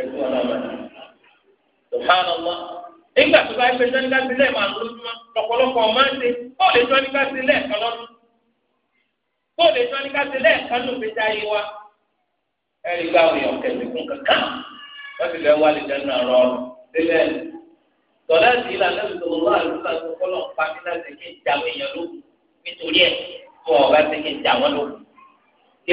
ẹ̀gbọ́n náà nígbà tó bá gbé sọ́ni káṣí lẹ́ẹ̀ máa lójúmọ́ ọ̀pọ̀lọpọ̀ máa ń ṣe bóòlù sọ́ni káṣí lẹ́ẹ̀kan lọ́dún bóòlù sọ́ni káṣí lẹ́ẹ̀kan ló fi dá yé wa ẹ̀rí gba kankan wọ́n àwọn èèyàn ló nítorí ẹ̀ ọ̀gá kí n jà wọ́n ló. kí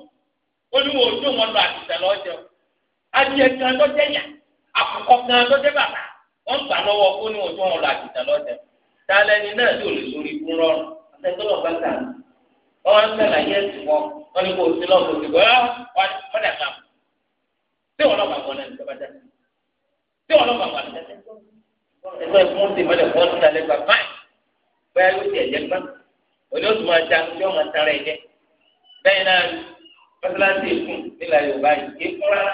olúwo ojú wọn lọ àtìsẹ lọ jẹun adìẹ kan lọ jẹ yà àkùkọ kan lọ jẹ bàbá wọn gbà lọ́wọ́ olúwo ojú wọn lọ àtìsẹ lọ jẹun talẹni náà yóò lè sórí ikú rọrùn àtẹtọlọ bá tà wọn ń sàlàyé ẹsìn wọn wọn ni kò sí lọ kò sí gbọ wọn wọn dà kàn tí wọn lọ bá wọn lẹnu bàbá dàtí tí wọn lọ bá wọn lẹnu ẹgbẹ́ fún ti mọlẹ fún ọdún alẹ́ bàbá yìí bẹ́ẹ̀ ti ẹ̀jẹ̀ gbá òní oṣù máa ta ọmọ tara ẹ̀jẹ̀ bẹ́ẹ̀ náà mọ́tíláṣí èkún nílẹ̀ yorùbá yìí èkún rárá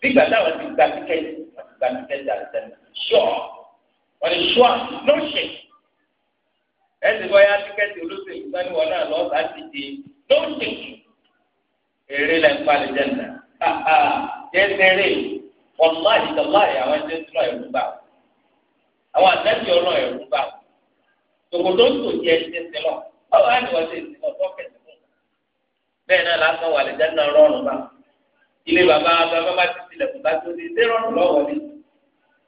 nígbà táwọn ti gba tíkẹ́tì wọ́n ti gba tíkẹ́tì àtẹnudẹ́ ṣọ́ wọ́n ti ṣọ́ lọ́ṣẹ̀ ẹ̀sìn bọ́ yá tíkẹ́tì olóṣèlú sani wọn náà lọ́ọ́ sá ti di lọ́ṣẹ̀ èrè lẹ́ palẹ̀ jẹ́nà jẹ́sẹ̀rẹ̀ wọ́nláyì tọ́láyì àwọn ẹ̀jẹ̀ tó náà ẹ̀rú bá àwọn àtẹ́tì ọlọ́ ẹ̀rú bá tòkòtò ń tò jẹ́ ẹ̀jẹ̀ sílọ̀ báwo á ní wọ́n ṣe ìsìn bẹ́ẹ̀ náà lásán wà lẹ́jà náà rọrùn bá ilé bàbá bàbá bá ti tilẹ̀kùn bá tó di dé rọrùn lọ́wọ́ ni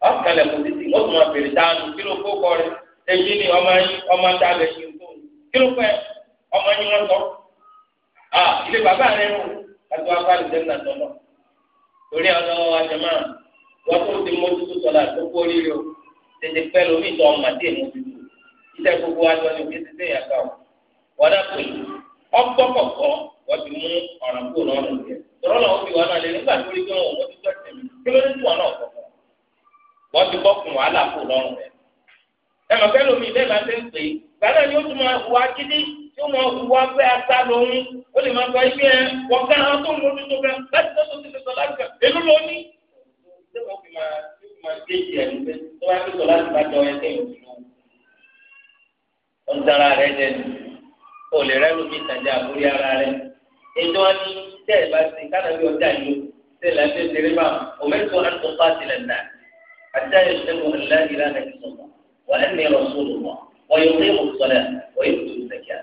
ọ̀kẹ́lẹ̀kùn ti ti ó tún máa bèrè dáa nù kí ló kó kọ rẹ èyí ni ọmọ yín ọmọ tá a lè ṣe tó kí ló pẹ́ ọmọ yín wọ́n sọ à ilé bàbá rẹ rò kátó wá fáàlì jẹ́ náà tọ́lọ̀ torí ọ̀dọ́ àjọmọ́ wọn tó ti mójú tó sọ̀lá tó kó oríire o tètè pẹ́ lómi ìtọ́ ọmọ dé mójútó wọ́n ti mú ọ̀ràn kó lọ́rùn rẹ̀ tọ́lọ́ náà ó fi wọn náà lé nígbà tó rí pé wọn ò mọ́tò tó ẹ̀sìn mi kí ló dé tí wọn náà kọ̀ ti bọ́kùn wàhálà kó lọ́rùn rẹ̀. ẹnì kẹ́lò mi bẹ́ẹ̀ máa ń tẹ́ ń pè é gbàdá ni ó tún máa wá gidi tí ó máa wá pé ata lóhun ó lè máa sọ ibi ẹ wọ́n ó lè rẹ́rù mi tàjà àbúrí ara rẹ̀ ètò wọn ní tẹ́ẹ̀ bá ti kánàbí ọjà ìlú tẹ́ẹ̀ láti ṣeré bá òmẹ́tò àtúntà tilẹ̀ náà àtẹ́ ìṣẹ́gun ńlá ìlà nàìjíríà wà ẹ̀mí rọ̀ṣọ́lù wọn wọ́n yóò rí òṣùlẹ̀ wọ́n yóò tó ìṣẹ̀kíà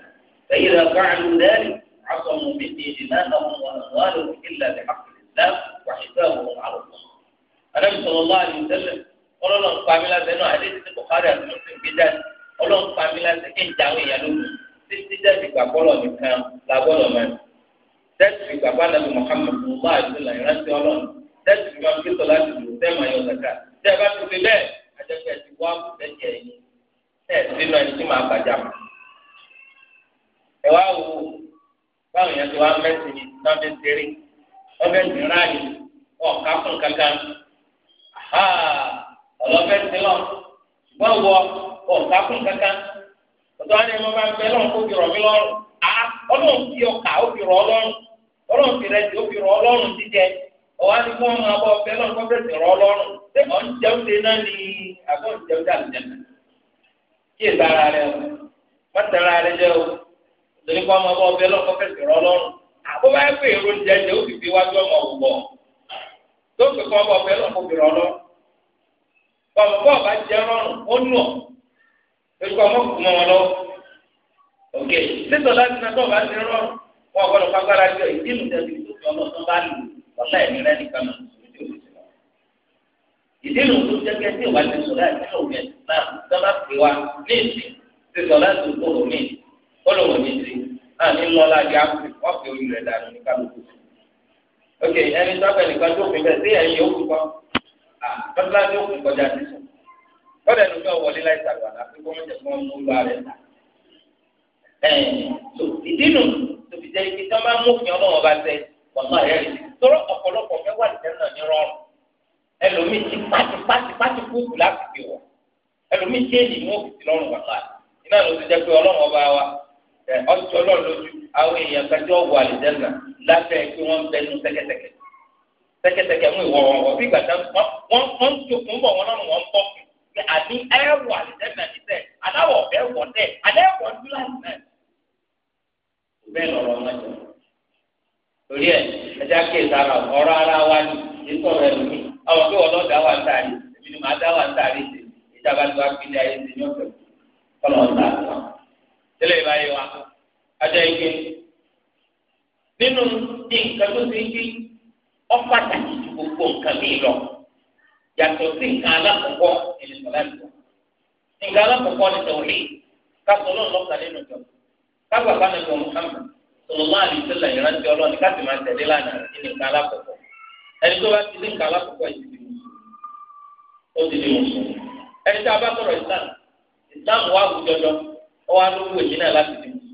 fẹ́yìn rẹ̀ bá àlù dẹ́rì عصموا من دماءهم وأموالهم إلا بحق الإسلام وحسابهم على الله. النبي صلى الله عليه وسلم قال لهم قاملا بينه حديث البخاري ومسلم جدا قال لهم قاملا سكين جاوي يلوم títí dẹ́bi tẹ́sí bàbá nàbì Muhammad ọba àdúrà ìrántí ọlọ́run tẹ́sí bí wọn kíkọ láti lò sẹ́mà yọ zaka tẹ́ ẹ bá ti fi bẹ́ẹ̀ àjẹpẹ́ ti wá bẹ́jẹ̀ yìí ẹ̀ sínú ẹni tí màá bàjá mọ́. ẹ wá wo báwọn yẹn ti wá mẹ́sìn ní náà fi ṣeré ọbẹ̀ ti ráàyè ọ̀ká fún kankan ọlọ́fẹ́ ti lọ ṣùgbọ́n wọ ọ̀ká kankan ọ̀tọ́ àná ẹ̀ ń bẹ lọ́run kó fi rọ̀ mí ọlọ́run fi ọkà ó fi rọ̀ ọlọ́run ọlọ́run ti rẹ ti ó fi rọ ọlọ́run jíjẹ ọ̀wá ni fún ọmọ abọ́ ọ̀fẹ́ náà kọ́ fẹ́sẹ̀ rọ ọlọ́run ṣé mọ̀ ń jẹun ṣe náà ni àbọ̀ ń jẹun dà lẹ́nu. kí èso ara rẹ o wọ́n tẹ ara rẹ jẹ o lórí fún ọmọ abọ́ ọ̀fẹ́ náà kọ́ fẹ́sẹ̀ rọ ọlọ́run àbúrò ẹ pé èrò oúnjẹ jẹ ó fi fi wájú ọmọ òwò tó fi fún ọmọ ọ̀fẹ́ náà kó fi rọ ọlọ́run wọn gbọ́dọ̀ fagbára jọ ìdí nìkan ti tó fi ọlọ́sán bá lù ọ̀la ẹ̀mí rẹ nìkan náà lójú òṣèlú wa. ìdí nìkan tó jẹ́gẹ́ tí ìwà ti sọ̀rọ̀ àti ìlòmí náà sábà pè wá ní ìsìn ti sọ̀rọ̀ àti ìkòrò mi olówó mi ti náà ní lọ́la di ápè wọ́n fi orí rẹ̀ dànù ní kálukú. ok ẹni sábẹ̀ nìkan tó fi bẹ́ẹ̀ sí ẹ̀yìn yòókù kan lọ́dúnlá tó kù kọjá ti sùn kọ́dà ló fẹ́ wọlé láì sàgbà láti kọ́ mọ́tẹ́ fún ọmọ olú ààrẹ ta. ẹ̀ẹ́n so ìdí nù tóbi jẹ́ ibi tí wọ́n bá mú fi ọlọ́wọ́ bá tẹ wàhálà rẹ̀ rí tọ́rọ ọ̀pọ̀lọpọ̀ fẹ́ wà lẹ́nu náà ní rọrùn ẹlòmíì ti pàtì pàtì pàtì kúkú láti fi wọ̀ ẹlòmíì ti èyí mú òkìtì lọ́rùn wàhálà iná ló ti jẹ́ pé ọlọ́wọ́ bá wa ọtí ọlọ́run lójú àwọn èèyàn kan tí wọ́n wọ àlìjẹ́nà láfẹ́ pé wọ́n ń bẹnu tẹ́kẹ́tẹ́kẹ́ tẹ́kẹ́tẹ́kẹ́ mú ìwọ̀ wọn wọ̀ bí ìgbà tí wọ́n ń jokùn bọ̀ wọn lọ́rùn wọn ń bọ̀ àbí ẹ̀wọ̀ àlìjẹ́nà níbẹ̀ aláwọ̀ ọ̀bẹ wọ̀ dẹ̀ alẹ́ wọ̀ dúró àlìjẹ́nà bẹ́ẹ̀ lọ́rọ̀ wọn jọ torí ẹ ẹja kéè sára ọ̀rọ̀ ara wa ni ikọ̀ rẹ lù mí àwọn pé ọlọ́ dá wà ń tàrí èmi ni màá dá wà ń tàrí ṣe ìjàmbá tó wá fi ní ayé ṣe ní ọ̀sẹ̀ kọ́nà ọ̀sà àtúwà tẹ́lẹ̀ ìbáyé wa ajá ike nínú nǹkan tó ti ń gbé ọ pàtàkì ju gbogbo nǹkan mi lọ yàtọ̀ sí nǹkan alákọ̀ọ́kọ́ ìrìnsọ̀lá kágbà bánà tó Muhammad sọlọ́lá àdìsílẹ̀ ìrántí ọlọ́ọ̀ni káàtì máa tẹ̀lé lánàá ìní nǹkan alákọ̀ọ́kọ́ ẹni tó bá ti ní nǹkan alákọ̀ọ́kọ́ yìí ti ó ti di mùsùlùmí ẹni tó a bá sọ̀rọ̀ Islam Islam wà wù jọjọ ó wà lówó èyí náà láti di mùsùlùmí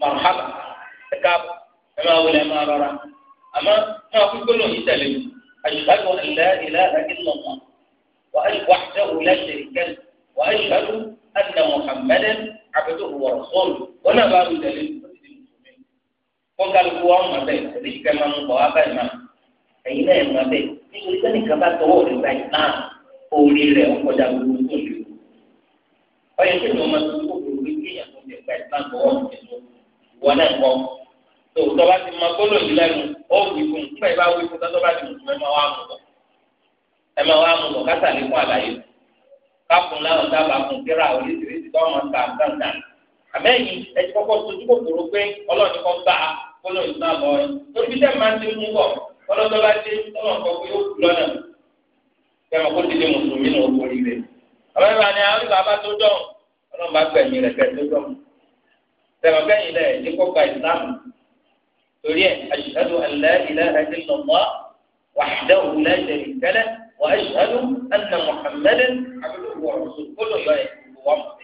marhaba ẹ káàbọ̀ ẹ máa wọlé ẹ máa rọra àmọ́ máa fi yìí tẹ̀lé mi àṣìṣàlù ilẹ̀ ilẹ̀ ẹ̀kínlọ́mọ wà á wọn náà bá wù tẹ̀lé wọn kálukú wọn mọ̀ bẹ́ẹ̀ ẹbí kíkẹ máa mú bọ wá báyìí máa ẹ̀yin náà mọ̀ bẹ́ẹ̀ nítorí sẹni kan bá tọwọ́ rẹ̀ báyìí náà orí rẹ̀ ó kọjá gbogbo tó lè wò ọyẹ kí ni wọn máa tó kókò orí kéèyàn tó lè báyìí náà tọwọ́ rẹ̀ tó wọn náà kọ tó tọba ti máa gbọ́dọ̀ yìí lẹ́nu ó wí fún un nígbà yìí bá wí fún tọba ti mú ẹ máa wá mú bọ ẹ máa wá mú bọ kásà lè fún àlàyé káfùn láwọn dábàá fún kíra oríṣiríṣi tó wọn ta dáadáa àmẹ́yìn ẹtì kọ́kọ́ sojú kòkòrò pé ọlọ́ọ̀ni kan gbà á kóló ìgbà lọ rẹ̀ torí bí sẹ́ẹ̀ máa ń ti mú bọ̀ ọlọ́dọ́ bá dé tọ́lọ̀ kọ́ pé ó kú lọ́nà kẹ́mọ̀ kó ti di mùsùlùmí nù ọkọ̀ rí rẹ̀ àwọn ìgbà àwọn ìgbà bá tó dọ̀ ọlọ́run bá gbẹ̀yìn rẹ̀ kẹ́ tó dọ̀ sẹ́wọ̀n kẹ́yìn rẹ̀ ní kọ́kọ́ ìsìlámù torí ẹ̀ ashhadu an la ẹ̀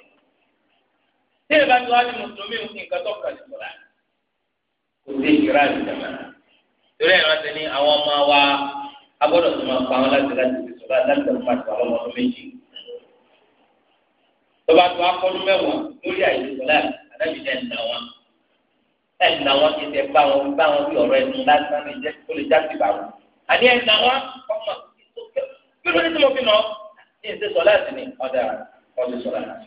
tí ìbá tí wàá di mùsùlùmí nǹkan tó kàn ní kúrò àná kò sí ìkírà ní jàmá torí ẹ̀rọ ti ní àwọn ọmọ wa agbọ́dọ̀ tó máa pa wọn láti láti fi sọ̀rọ̀ láti tẹ̀lé máa tẹ̀lé ọmọ ọdún méjì tọba tó akọ́dún mẹ́wàá lórí àìsàn láti àdájọ́ ẹ̀ nà wọn ẹ̀nà wọn ti tẹ bá wọn bá wọn bí ọ̀rọ̀ ẹnu lásán lè jẹ́ kó lè jáde bá wọn. àní ẹ̀nà wọn ọmọ kí ló ní tí mo fi nà ọ́ ní ìṣe sọ láti ní ọ̀dà ọdún sọ láti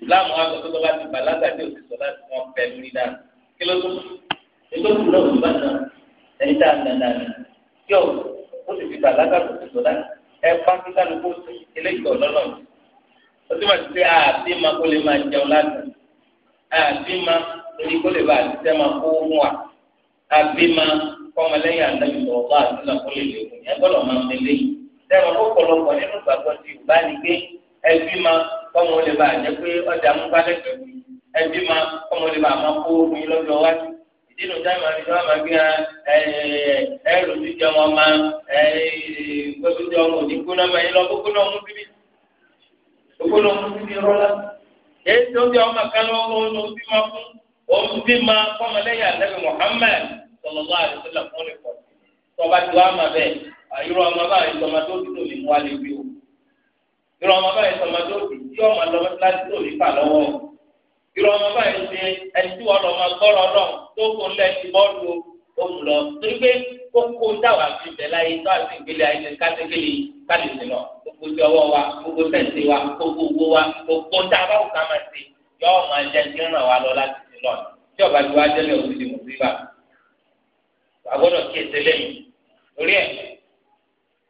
ìsìláàmù wa sọ pé bá ti bàlágà tí o ti sọ láti wọn fẹ́ lórí dáa kí ló tún ètò ìlú náà òṣùpá náà ẹni tá a nà náà ni kí ọ ó sì fi bàlágà tó ti sọ láti ẹ bá kí kálukú eléyìí ọlọ́nà ó sì máa ti pé àti máa kó lè máa jẹun láti àti máa torí kó lè bá àti sẹ́ máa kó fún wa àti máa kọ́mọlẹ́yìn àtàbí sọ̀rọ̀ bá àti náà kó lè lè wò ní ẹgbọ́dọ̀ máa mẹ́lẹ́yìn sẹ́wọ̀n ó pọ̀lọpọ̀ nínú ìgbàgbọ́ ti ò ẹbí ma kọ́mọ lè bá jẹ́ pé ọjà mú balẹ̀ pẹ̀lú ẹbí ma kọ́mọ lè bá máa kó omi lọ́jọ́ wájú ìdínú àti máa gbé jẹ wọn máa jẹ wọn gbóná máa yín lọ mú bíbí mú bíbí rọlá èyí tó ọmọ kan lọ wọn ma fún òun bí ma kọ́mọlẹ́yà lẹ́bi Muhammad sọlọ́lá àdìsílẹ̀ fún ìfọ̀ tọ́ba tí ma bẹ́ẹ̀ àyúrò ọmọ báyìí tọ́ma irọ́ ọmọ báyìí sọ ọmọdé òbí tí ọmọ lọ láti tó rí fà lọ́wọ́ irọ́ ọmọ báyìí ṣe ẹni tí wọ́n lọ máa gbọ́rọ̀ náà tó kó lẹ́ ti bọ́ọ̀lù ohun lọ torí pé kókó dáwà fi bẹ̀ láyé tó àti ìgbélé ayé kátégélé kálíṣì lọ gbogbo tí ọwọ́ wa gbogbo tẹ̀sí wa gbogbo owó wa gbogbo tá a bá wù ká máa ṣe yọ ọmọ ajá tí ń ràn wá lọ láti ṣe lọ tí ọba ti wá jẹ́lẹ̀ òsì ni mo fi bá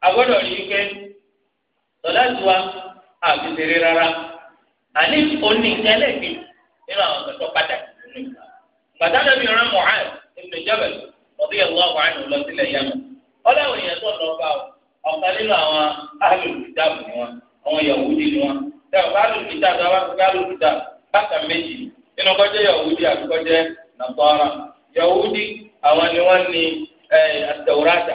a sọlá ti wa àfi ṣeré rárá àní òní ẹlẹ́gbẹ̀ẹ́ nínú àwọn ọ̀sẹ̀ tó pàtàkì nínú ìgbà gbàdánù mi rán Mu'adh ibn Jabal radiyallahu anhu lọ sílẹ̀ Yaman ọlọ́wọ̀ èèyàn tó lọ bá ọ̀kan nínú àwọn ahlul ni wọn àwọn ni wọn tó ni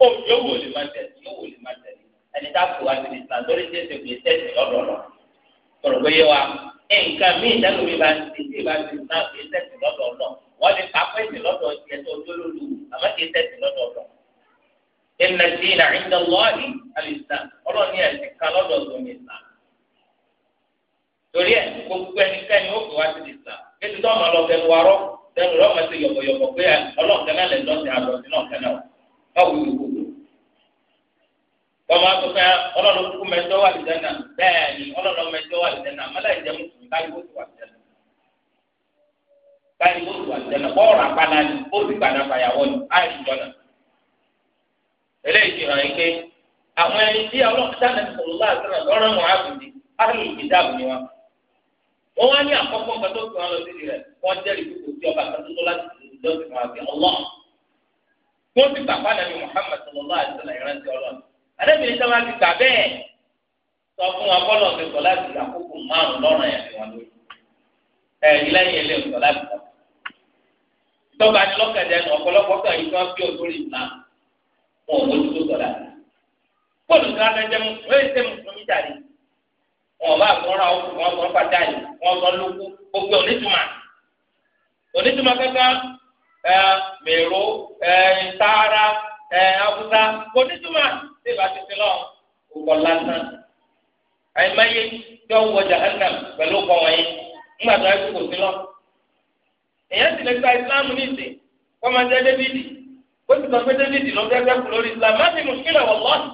òun yóò wò lè má tẹ̀lé yóò wò lè má tẹ̀lé ẹni tá a kó àti ìsìlá lórí tí èsì òkè tẹ̀sí lọ́dọ̀ lọ. Sọ̀rọ̀ pé yé wa nǹkan míì ìdáná mi bá ti ti bá ti ìsìlá òkè tẹ̀sí lọ́dọ̀ lọ. Wọ́n ti pàpẹ́ sí lọ́dọ̀ ẹ̀tọ́ olólù àmọ́ kì í tẹ̀sí lọ́dọ̀ lọ. Ìnà sí ìnà ìdá lọ́ọ̀dì àlìsà ọlọ́ọ̀ni ẹ̀sìn kan lọ́dọ̀ tó ní ìsìlá. Torí ẹ̀ gbogbo ẹnikẹ́ni ó kó wá sí ìsìlá. Ètò tó ọmọ lọ fẹnu warọ́ fẹnu lọ́mọ sí yọ̀bọ̀yọ̀bọ̀ pé ọlọ́ọ̀kẹ́ náà lẹ̀ lọ́sẹ̀ àlọ́sẹ̀ náà kẹ́ náà. Báwo ni ìwọ ọmọ akókò ọlọ́run kúkú mẹjọ wà lìjẹ náà bẹ́ẹ̀ ni ọlọ́run mẹjọ wà lìjẹ náà mọ́lá ìjẹ́ mùsùlùmí káyọ̀ bó ti wà lìjẹ náà káyọ̀ bó ti wà lìjẹ náà bọ́ọ̀rù apáná ni ó ti gbàdá fàyàwọ́ ni áyì jọ náà. eléyìí ti hàn yín pé àwọn ẹni tí ọlọ́run dáná ti sọ̀rọ̀ láti rẹ̀ lọ́rọ̀ wọn àbùdí áyì ìdáàbò ni wọn. wọ́n wá ní àkọ́kọ́ nǹkan tó fi wọn lọ sílẹ̀ rẹ̀ wọ́n jẹ́rìí kókò tí ọba kan tó tó láti lọ́sìn wọn àti ọlọ́run. wọ́n ti gbà fún àdàbí Muhammad sallallahu alaihi wa sallam ìrántí ọlọ́run àdébìnrin sábà ti gbà bẹ́ẹ̀ sọ fún wa kọ́lọ̀ ti sọ láti àkókò márùn lọ́rùn ẹ̀ wọn lórí ẹ̀yìn lẹ́yìn ilé ìsọ láti sọ. ìtọ́ba ni lọ́kẹ̀dẹ̀ nù ọ̀pọ̀lọpọ̀ kan yìí kan bí olórí ìlà wọn ò mójú tó sọ̀rọ̀ àti. bóòlù tí wọn fẹ́ jẹ́ mùsùlùmí wọ́n ṣe mùsùlùmí jáde. wọn bá sọ́ra ọkùn wọn sọ pátá yìí wọn sọ lókù gbogbo onítùmá. onítùmá kankan mèrò sáárá ẹ awúsá kò ní túmọ̀ tí ìbá ti sin lọ́wọ́ òkò lásán àìmáyé tó ń wọ jahannam pẹ̀lú ọkọ wọ̀nyí ńgbà tó ayé kò sí lọ. èèyàn sì lè gba ìsìláàmù ní ìsìn kó máa jẹ́ débìdì ó sì sọ pé débìdì ló fẹ́ fẹ́ kú lórí ìsìláàmù má ti mú sílẹ̀ wọ̀ lọ́ọ̀nù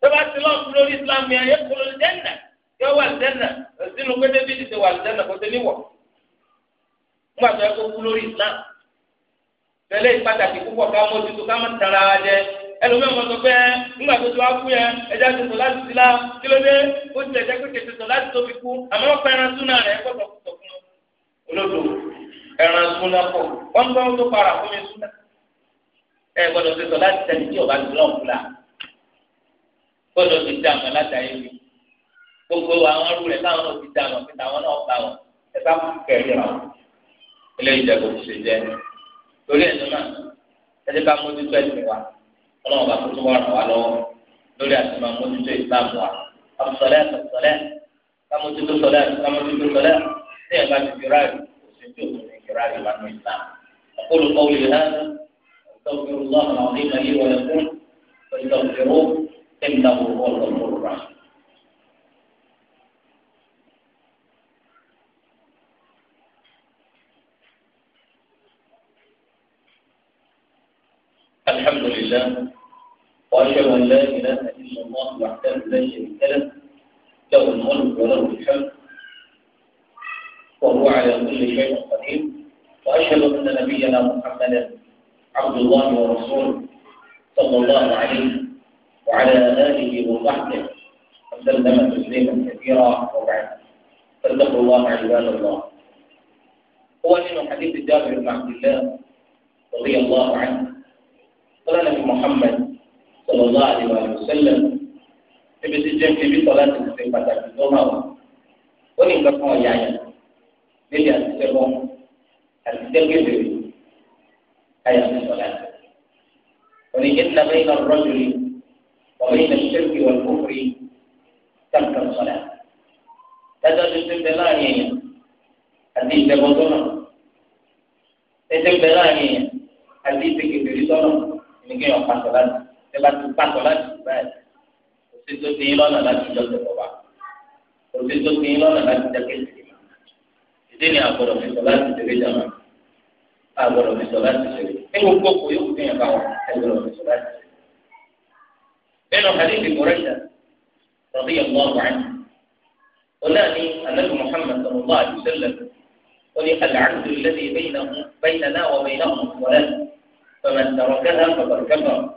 tó bá ti lọ́ọ̀kú lórí ìsìláàmù yẹn yẹ kú lórí dẹ́nà yóò wà lẹ́nà sínú pé débìdì ti wà lẹ́nà kó ti níwọ̀ ńgbà tó ayé kó kú lórí ìsìláàmù tẹ́lẹ̀ pàtàkì púpọ̀ ká mójútó ká má tara wa jẹ ẹlòmíràn mọ̀ sọ pé nígbà tó tó wá kú yẹn ẹja tó tó láti sí la kí ló dé ó ti ẹ̀jẹ̀ kékeré tó tó láti tó kú àmọ́ fẹ́ràn súnà rẹ̀ gbọ́dọ̀ kú sọ fún olódò ẹran súnà pọ̀ wọ́n gbọ́ tó para fún mi súnà ẹ gbọ́dọ̀ tó láti tẹ̀lé tí ọba tó lọ́wọ́ fúlà gbọ́dọ̀ ti dà mọ́ látàrí mi gbogbo àwọn ọrùn rẹ̀ táwọn náà ti dà mọ́ pé táwọn náà bá wọn ẹ bá kú kẹ̀rí torí ẹ̀ náà ẹni ká mójútó ẹ̀sìn wa ọlọ́run bá tuntun wà ràn wá lọ́wọ́ lórí àti máa mójútó ìsìláàmù wa àbùsọ̀lẹ́ àbùsọ̀lẹ́ ká mójútó sọ̀lẹ́ ká mójútó sọ̀lẹ́ tí ẹ̀ bá ti fi ráàlì oṣù tí òun ti fi ráàlì wà ní ìsìláàmù. أقول قولي هذا أستغفر الله العظيم لي ولكم فاستغفروه إنه هو الغفور الرحيم لا إله إلا الله وحده لا شريك له له الملك وله الحمد وهو على كل شيء قدير وأشهد أن نبينا محمدا عبد الله ورسوله صلى الله عليه وعلى آله وصحبه وسلم تسليما كثيرا وبعد فاتقوا الله عباد الله هو من حديث جابر بن عبد الله رضي الله عنه قال نبي محمد sọlọ́lá àdìwà àlùsẹ́lẹ̀ níbi tí jẹ́ kí bíkọ́ láti ṣe pàtàkì tó máa wà ó ní nǹkan kan ọ̀yà yẹn níbi àtijọ́ àtijọ́gbèbè àyà sọ̀lá òní ìdílé bẹ́ẹ̀ náà rọ́jòlì ọ̀rẹ́ ìdílé ṣẹ́kì wọ̀ kókòrè tàǹkà sọ̀lá dájọ́ tuntun bẹ láàrin èèyàn àti ìjẹ́bọ̀ tó náà ẹ̀jẹ̀ bẹ láàrin èèyàn àti ìjẹ́kẹ̀kẹ̀ rí tọ́nà ìníkẹ́yọ̀ pàṣẹ láti. ẹ bá ti pàtó láti báyìí kò sí tó ti yín lọ́nà láti jọ tẹ̀kọ̀ bá kò sí tó ti yín lọ́nà láti jẹ́ kéjì mà ìdí ni àgbọ̀dọ̀ fi sọ láti ṣe tẹ̀lé jàmá àgbọ̀dọ̀ fi sọ láti ṣe tẹ̀lé ẹ gbogbo kò yóò fi yàn bá wọn àgbọ̀dọ̀ fi sọ láti tẹ̀lé. nínú hadithi kúrẹ́ṣà rọ̀bí ọ̀gbọ́n ọ̀gbọ̀n ọ̀nà ni anabi muhammad sallallahu alayhi wa ọ̀nì alàcàdùn lẹ́dí náà wọ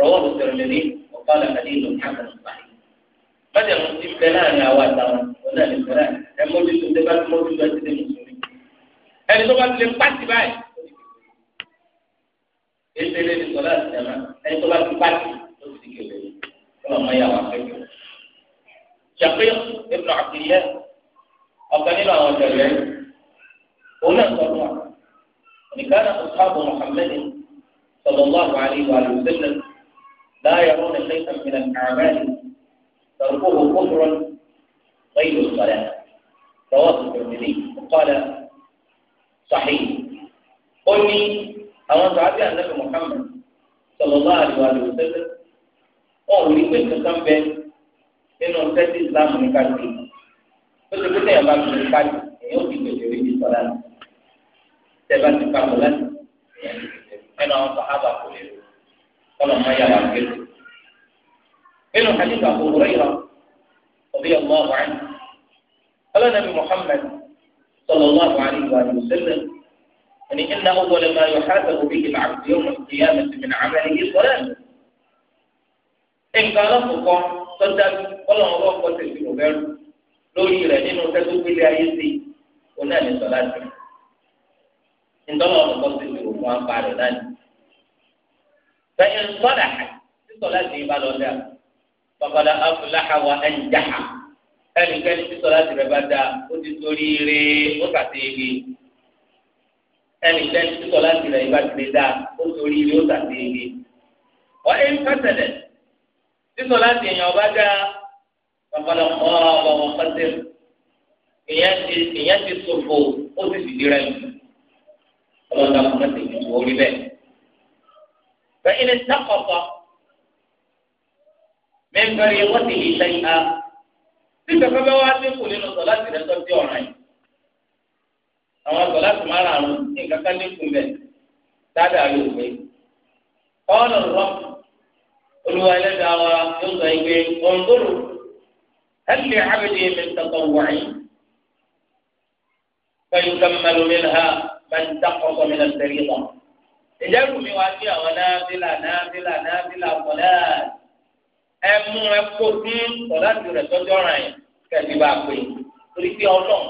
رواه الترمذي وقال حديث حسن صحيح بدل مسلم كلام أواتهم وذلك كلام في الدبات موجود عند المسلمين هل طبعا لنقاط باي إذن للصلاة الجماعة هل هذه لنقاط تصدق به كما يا واحد شقيق ابن عبد الله أقل ما هو تابعين هنا كان أصحاب محمد صلى الله عليه وآله وسلم لا يرون شيئا من الأعمال تركوه كفر غير الصلاة رواه الترمذي وقال صحيح قل لي أو صحابي النبي محمد صلى الله عليه وسلم أو لي كنت كم بين إنه كتب الإسلام من كاتب tóso pété yàrá mi ní káàdì èyí ó ti gbèsè orí ti sọlá فلما يرى الجن من حديث ابو هريره رضي الله عنه قال النبي محمد صلى الله عليه واله وسلم يعني ان اول ما يحاسب به العبد يوم القيامه من عمله صلاته ان قال فقط صدق ولا هو قلت في مبارك لولي لانه تدوب الى يدي ونال صلاته ان ضل قلت في رمضان ذلك fẹ̀yìn sọ́dà sísọ láti ibà lọ dà bàbàdà afúláhà wa ẹnjáhà ẹnikẹ́ni sísọ láti rẹ̀ bá dà ó ti torí ire ó kàtí ege ẹnikẹ́ni sísọ láti rẹ̀ ibà ti lè dà ó torí ire ó kàtí ege wọ́n ẹ̀yìn fẹsẹ̀lẹ̀ sísọ láti èèyàn ọba dà bàbàdà kọ́ ọ̀bọ̀ wọn fẹsẹ̀ ti ṣòfò ó sì sì dira yìí ọlọ́dà kọ́mọ́tì ìwọ orí bẹ́ẹ̀. فإن التقط من فريضته شيئا تلك فبوات يقول إن صلاة لتبت يومين àwọn sọláàtì márààrún ní kankan lẹkùn bẹ́ẹ̀ dáadáa yóò gbé ọlọ rọ olùwà ẹlẹ́dàá wa yóò sọ ìgbé ọǹdọrọ hẹlẹ abẹlẹ mẹtọkọ wáyé fẹyìntàn mẹlòmínà mẹtọkọ mẹlòmínà tẹlifọ ìjẹ́rù mi wá sí àwọn náfìlà náfìlà náfìlà kọ́lá ẹ mú ẹ kó fún ọ̀làdì rẹ̀ tọ́jú ọ̀ràn yẹn kẹ́ẹ̀sì bá pè é torí pé ọlọ́run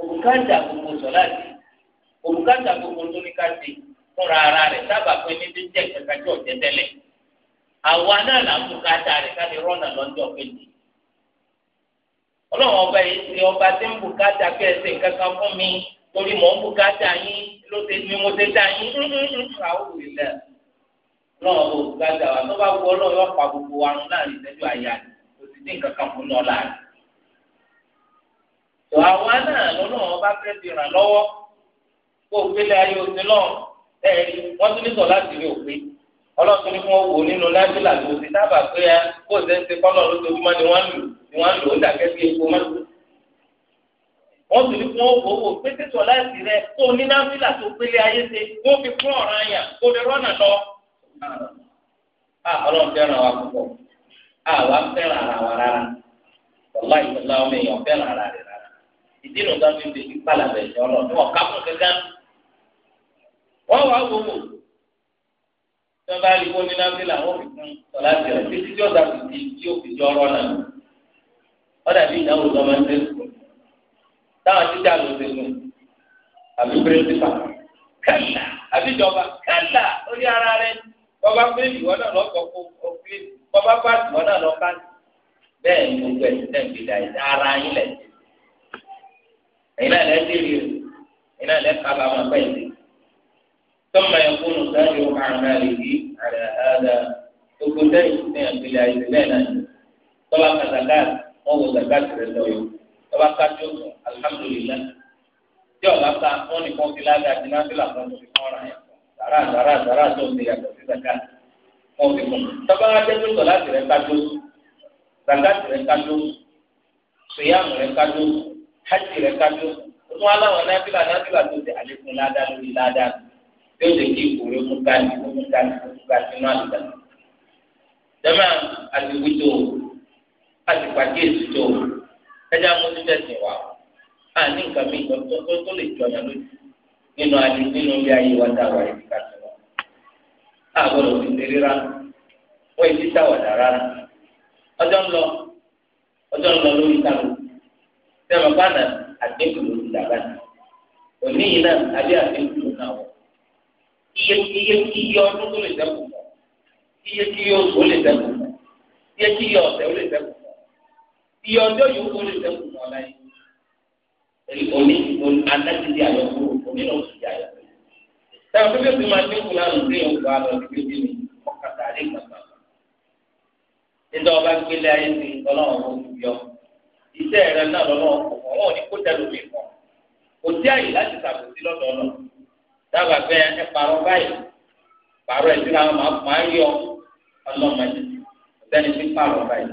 òbúkàjà gbogbo sọ̀láàdì òbúkàjà gbogbo tóníkàsì fúnra ara rẹ̀ sábà pé ní ti jẹ́ kẹ̀kẹ́ ọ̀jẹ̀ tẹ́lẹ̀ àwa náà là ń bùkátà rẹ̀ ká lè rọ́nà lọ́jọ́ kejì ọlọ́run ọba yìí ti ọba tí ń bùkátà kẹ́ẹ̀sì kankan fún mi torí mọ̀ ń bùkátà yín ló ṣe ni mo ṣe dá yín àwọn olùlẹ̀ náà o bùkátà wa tó bá wọ ọlọ́run ọ̀pá gbogbo àrùn láàrin ìtẹ́jú àyà kò sí ní nǹkan kan fún náà láàrin. tó àwa náà lọ́nà bá fẹ́ fi ràn lọ́wọ́ kó o gbélé ayé òsín náà ẹ wọ́n tún ní sọ láti rí òpin ọlọ́run ní kí wọ́n wò nínú lájúlà tó ti dábàá pé kó o ṣe ń ṣe kọ́lọ́ lójoojúmọ́ ni wọ́n lò ni wọ́n lò ó dàgẹ́ bí epo mọ́tò wọ́n sì ní kí wọ́n wò wò pé tẹ̀sán láti rẹ kó o ní náfìlà tó pélé ayé ṣe wọ́n fi kún ọ̀ràn àyà kó o lè rọ́nà lọ. Ah, ọlọ́run fẹ́ràn wa púpọ̀ àwa ah, fẹ́ràn ara wa rárá ọ̀la ìṣọ̀lá ọmọ èèyàn fẹ́ràn ara rẹ̀ rárá ìdí nu tó fi ń bèbí pàlàbẹ̀ ìṣọ̀ lọ ní ọ̀ká fún kankan. wọ́n wá wò wò tí wọ́n bá rí kó o ní náfìlà wọ́n fi kún ọ̀la tẹ̀rẹ̀ títí tí ọ̀dà fi di tí ó fi jọ táwọn títà ló ti gùn àbí pírísípà kálá àbí ìjọba kálá orí ara rẹ bàbá péjì wọn náà lọkọ kó òfin bàbá pàtì wọn náà lọ pàtì bẹ́ẹ̀ ni gbogbo ẹ̀sìn náà gbèdà ẹ̀dá ara yín lẹ̀ ẹ̀yin náà lẹ́ẹ̀ délé o ẹ̀yin náà lẹ́ẹ̀ kábà máa pẹ́ ẹ̀sìn tọ́mọ ẹ̀kún sáyẹ̀wò àrùnà lè yí àrẹ̀ àdá gbogbo dẹ́yìn ní àgbélé ayé bẹ́ẹ̀ náà tọ́lá kàtàkà wọn wò kàtàkà rẹ̀ lọ́yọ̀ọ́ ọba kájú ọsùn alihamudulilayi tí ọba ká wọn ni kàn fi lága jìnnà sí làwọn tó fi kàn ọ̀ràn yẹn sàrà sàrà sàrà tó ń tẹyà tó fi zaka wọn fi kàn tọba kájú ọsùn láti rẹ kájú ọsùn zaka ti rẹ kájú ọsùn sèyàmù rẹ kájú ọsùn hajj rẹ kájú ọsùn wọn wọn aláwọn náfìlà náfìlà tó ti àlékún ládàá lórí ládàá yóò lè kí ìkórè mú káàdì mú káàdì mú káàdì náà lùdà. jẹ́mọ̀ ẹja mójú tẹsán wa a ní nǹkan mi tó tó tó lè jọ ọyàn lójú nínú adé nínú ilé ayé wa tá a wà yìí ká tẹwọ a gbọ́dọ̀ fi ṣeré rárá wọn èyí sáwàdà rárá ọjọ́ ń lọ ọjọ́ ń lọ lórí kálù tí a máa bá nà àdínkù lórí ìdàgbà náà òní yìí náà àbí àdínkù lórí náà wọ iye iye iye ọdún tó lè dẹ́kun iye iye oṣù ó lè dẹ́kun iye iye ọ̀sẹ̀ ó lè dẹ́kun iye ọjọ́ yòókù ó lè dẹ́kun lọ láyé omi adájídé àyọkú omi náà sì yà yọkú táwọn pípé tó máa dínkù lánàá sí ọgbà lọ sí pé bíi ọkàtà àdé kàkà nígbà wọn bá gbélé ayé sí ọlọ́run ló fi yọ iṣẹ́ rẹ náà lọ́lọ́run kò wọ́n wọn ò ní kó tẹ̀lé omi kan kò sí àyè láti ṣàkóso lọ́dọ̀ ọ̀nà dábàá pé ẹ parọ́ báyìí parọ́ ẹ̀ sí làwọn máa ń yọ ọlọ́mọdé ọ̀sẹ́ni sí parọ́ báyìí.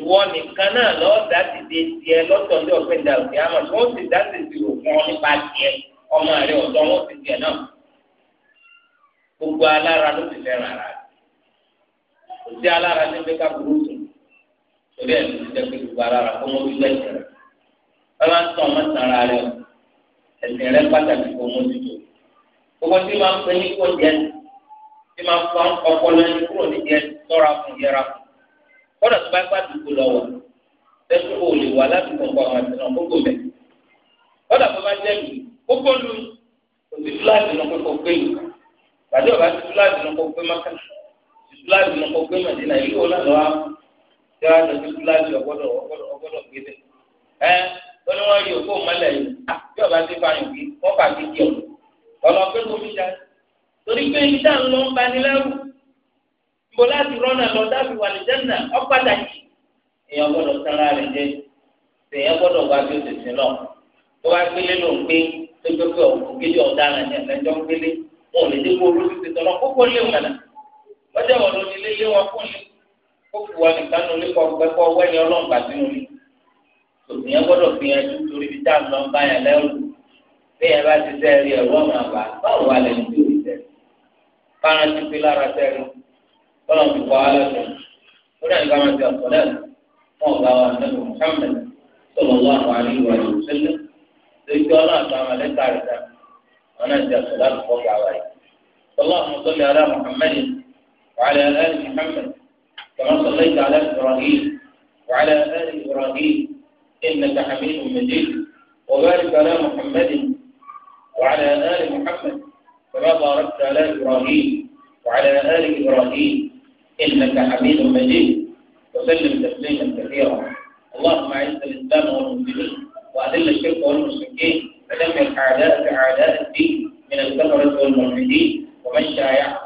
ìwọ nìkan náà lọ́ọ́ dá dìde tiẹ lọ́tọ̀ ní ọ̀gbìn dà òkè àmọ̀ tí wọ́n sì dá dìde òkun ọ nípa tiẹ ọmọ rẹ ọ̀dọ́ wọn sì tiẹ náà gbogbo alára ló ti fẹ́ rárá kò sí alára ní pé ká burú tó torí ẹ̀ ló ti jẹ́ pé gbogbo alára kó mọ́ wíwẹ́ jẹ rẹ̀ wọ́n máa ń tàn wọ́n tàn ara rẹ̀ ẹ̀sìn rẹ̀ pàtàkì kó mọ́ tuntun gbogbo tí máa ń pè ní kó jẹ tí máa ń kọ́dà tó bá gbà dùkú lọ wà lẹ́sùn o lè wà ládùúgbò nǹkan àwọn àti náà gbogbo bẹ̀. kọ́dà tó bá jẹ́ mi gbogbo lu òbí fúláàdì náà kó gbé yìí pàdé ọ̀bá ti fúláàdì náà kó gbé maka ti fúláàdì náà kó gbé màdínà ìlú ọ̀là lọ́wọ́ tí wàá lọ sí fúláàdì ọ̀gbọ́dọ̀ ọ̀gbọ́dọ̀ ọ̀gbọ́dọ̀ gbé bẹ̀. ẹ wọn ni wọn rí òkú mọ́lẹ̀ yìí àbí ọ̀bá ti fa yòókì wọ́n fà á ti kí ọ̀ ọ̀lọ́ mo láti rọ́nà lọ dábì wà ní jẹ́nà ọ́pàdàkì èèyàn gbọ́dọ̀ sára rẹ̀ jẹ́ èèyàn gbọ́dọ̀ wá bí ó ti sin lọ tó bá gbélé ló ń gbé tó gbé pé òun gbélé ọ̀daràn ní ẹ̀fẹ́jọ́ ń gbélé wọn ò lè dé kó olóṣù ti tọ́lọ́ kókó lé wọn nà ọjọ́ wọn ló ní lélé wọn fún mi ó fi wọn nìkan nu kọ́kọ́ wẹ́ni ọlọ́ǹgbà sínú mi èèyàn gbọ́dọ̀ gbìyànjú torí tọ́lọ̀ ti kọ́ aláṣẹ ó dàbí ká máa ti ọ̀sọ̀lẹ̀ fún ọ̀gá wa nàbì Muhammad sọ̀rọ̀ wà wà ní ìwà ìlú sílẹ̀ lórí tí ọlọ́run àti àwọn ẹlẹ́ta rẹ̀ ta wọn náà ti ọ̀sọ̀lẹ̀ àkọ́kọ́ gà wáyé tọ́lọ̀ àwọn sọ́lẹ̀ ará Muhammad وعلى آل محمد كما صليت على إبراهيم وعلى آل إبراهيم إنك حميد مجيد وبارك على محمد وعلى آل محمد كما باركت على إبراهيم وعلى آل إبراهيم إنك حميد مجيد وسلم تسليما كثيرا اللهم أعز الإسلام والمسلمين وأذل الشرك والمشركين ودمر أعداءك أعداء الدين من الكفرة والملحدين ومن شايعهم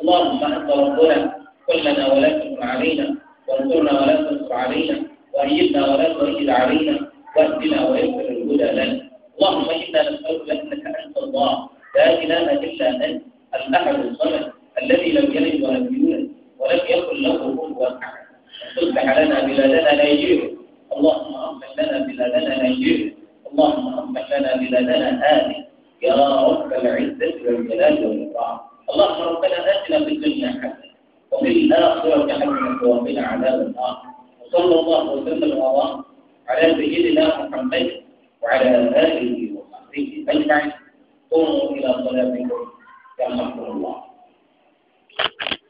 اللهم أنت ربنا كلنا ولا تكن علينا وانصرنا ولا تنصر علينا وأيدنا ولا تؤيد علينا واهدنا ويسر الهدى لنا اللهم إنا نسألك أنك أنت الله لا إله إلا أنت الأحد الصمد الذي لم يلد ولم يولد ولم يكن له كفوا أحد اصلح لنا بلادنا نيجيريا اللهم اصلح لنا بلادنا نيجيريا اللهم اصلح لنا بلادنا هذه يا رب العزة والجلال والإكرام اللهم ربنا آتنا في الدنيا حسنة وفي الآخرة حسنة وفي العذاب النار وصلى الله وسلم وبارك على سيدنا محمد وعلى آله وصحبه أجمعين قوموا إلى صلاتكم يرحمكم الله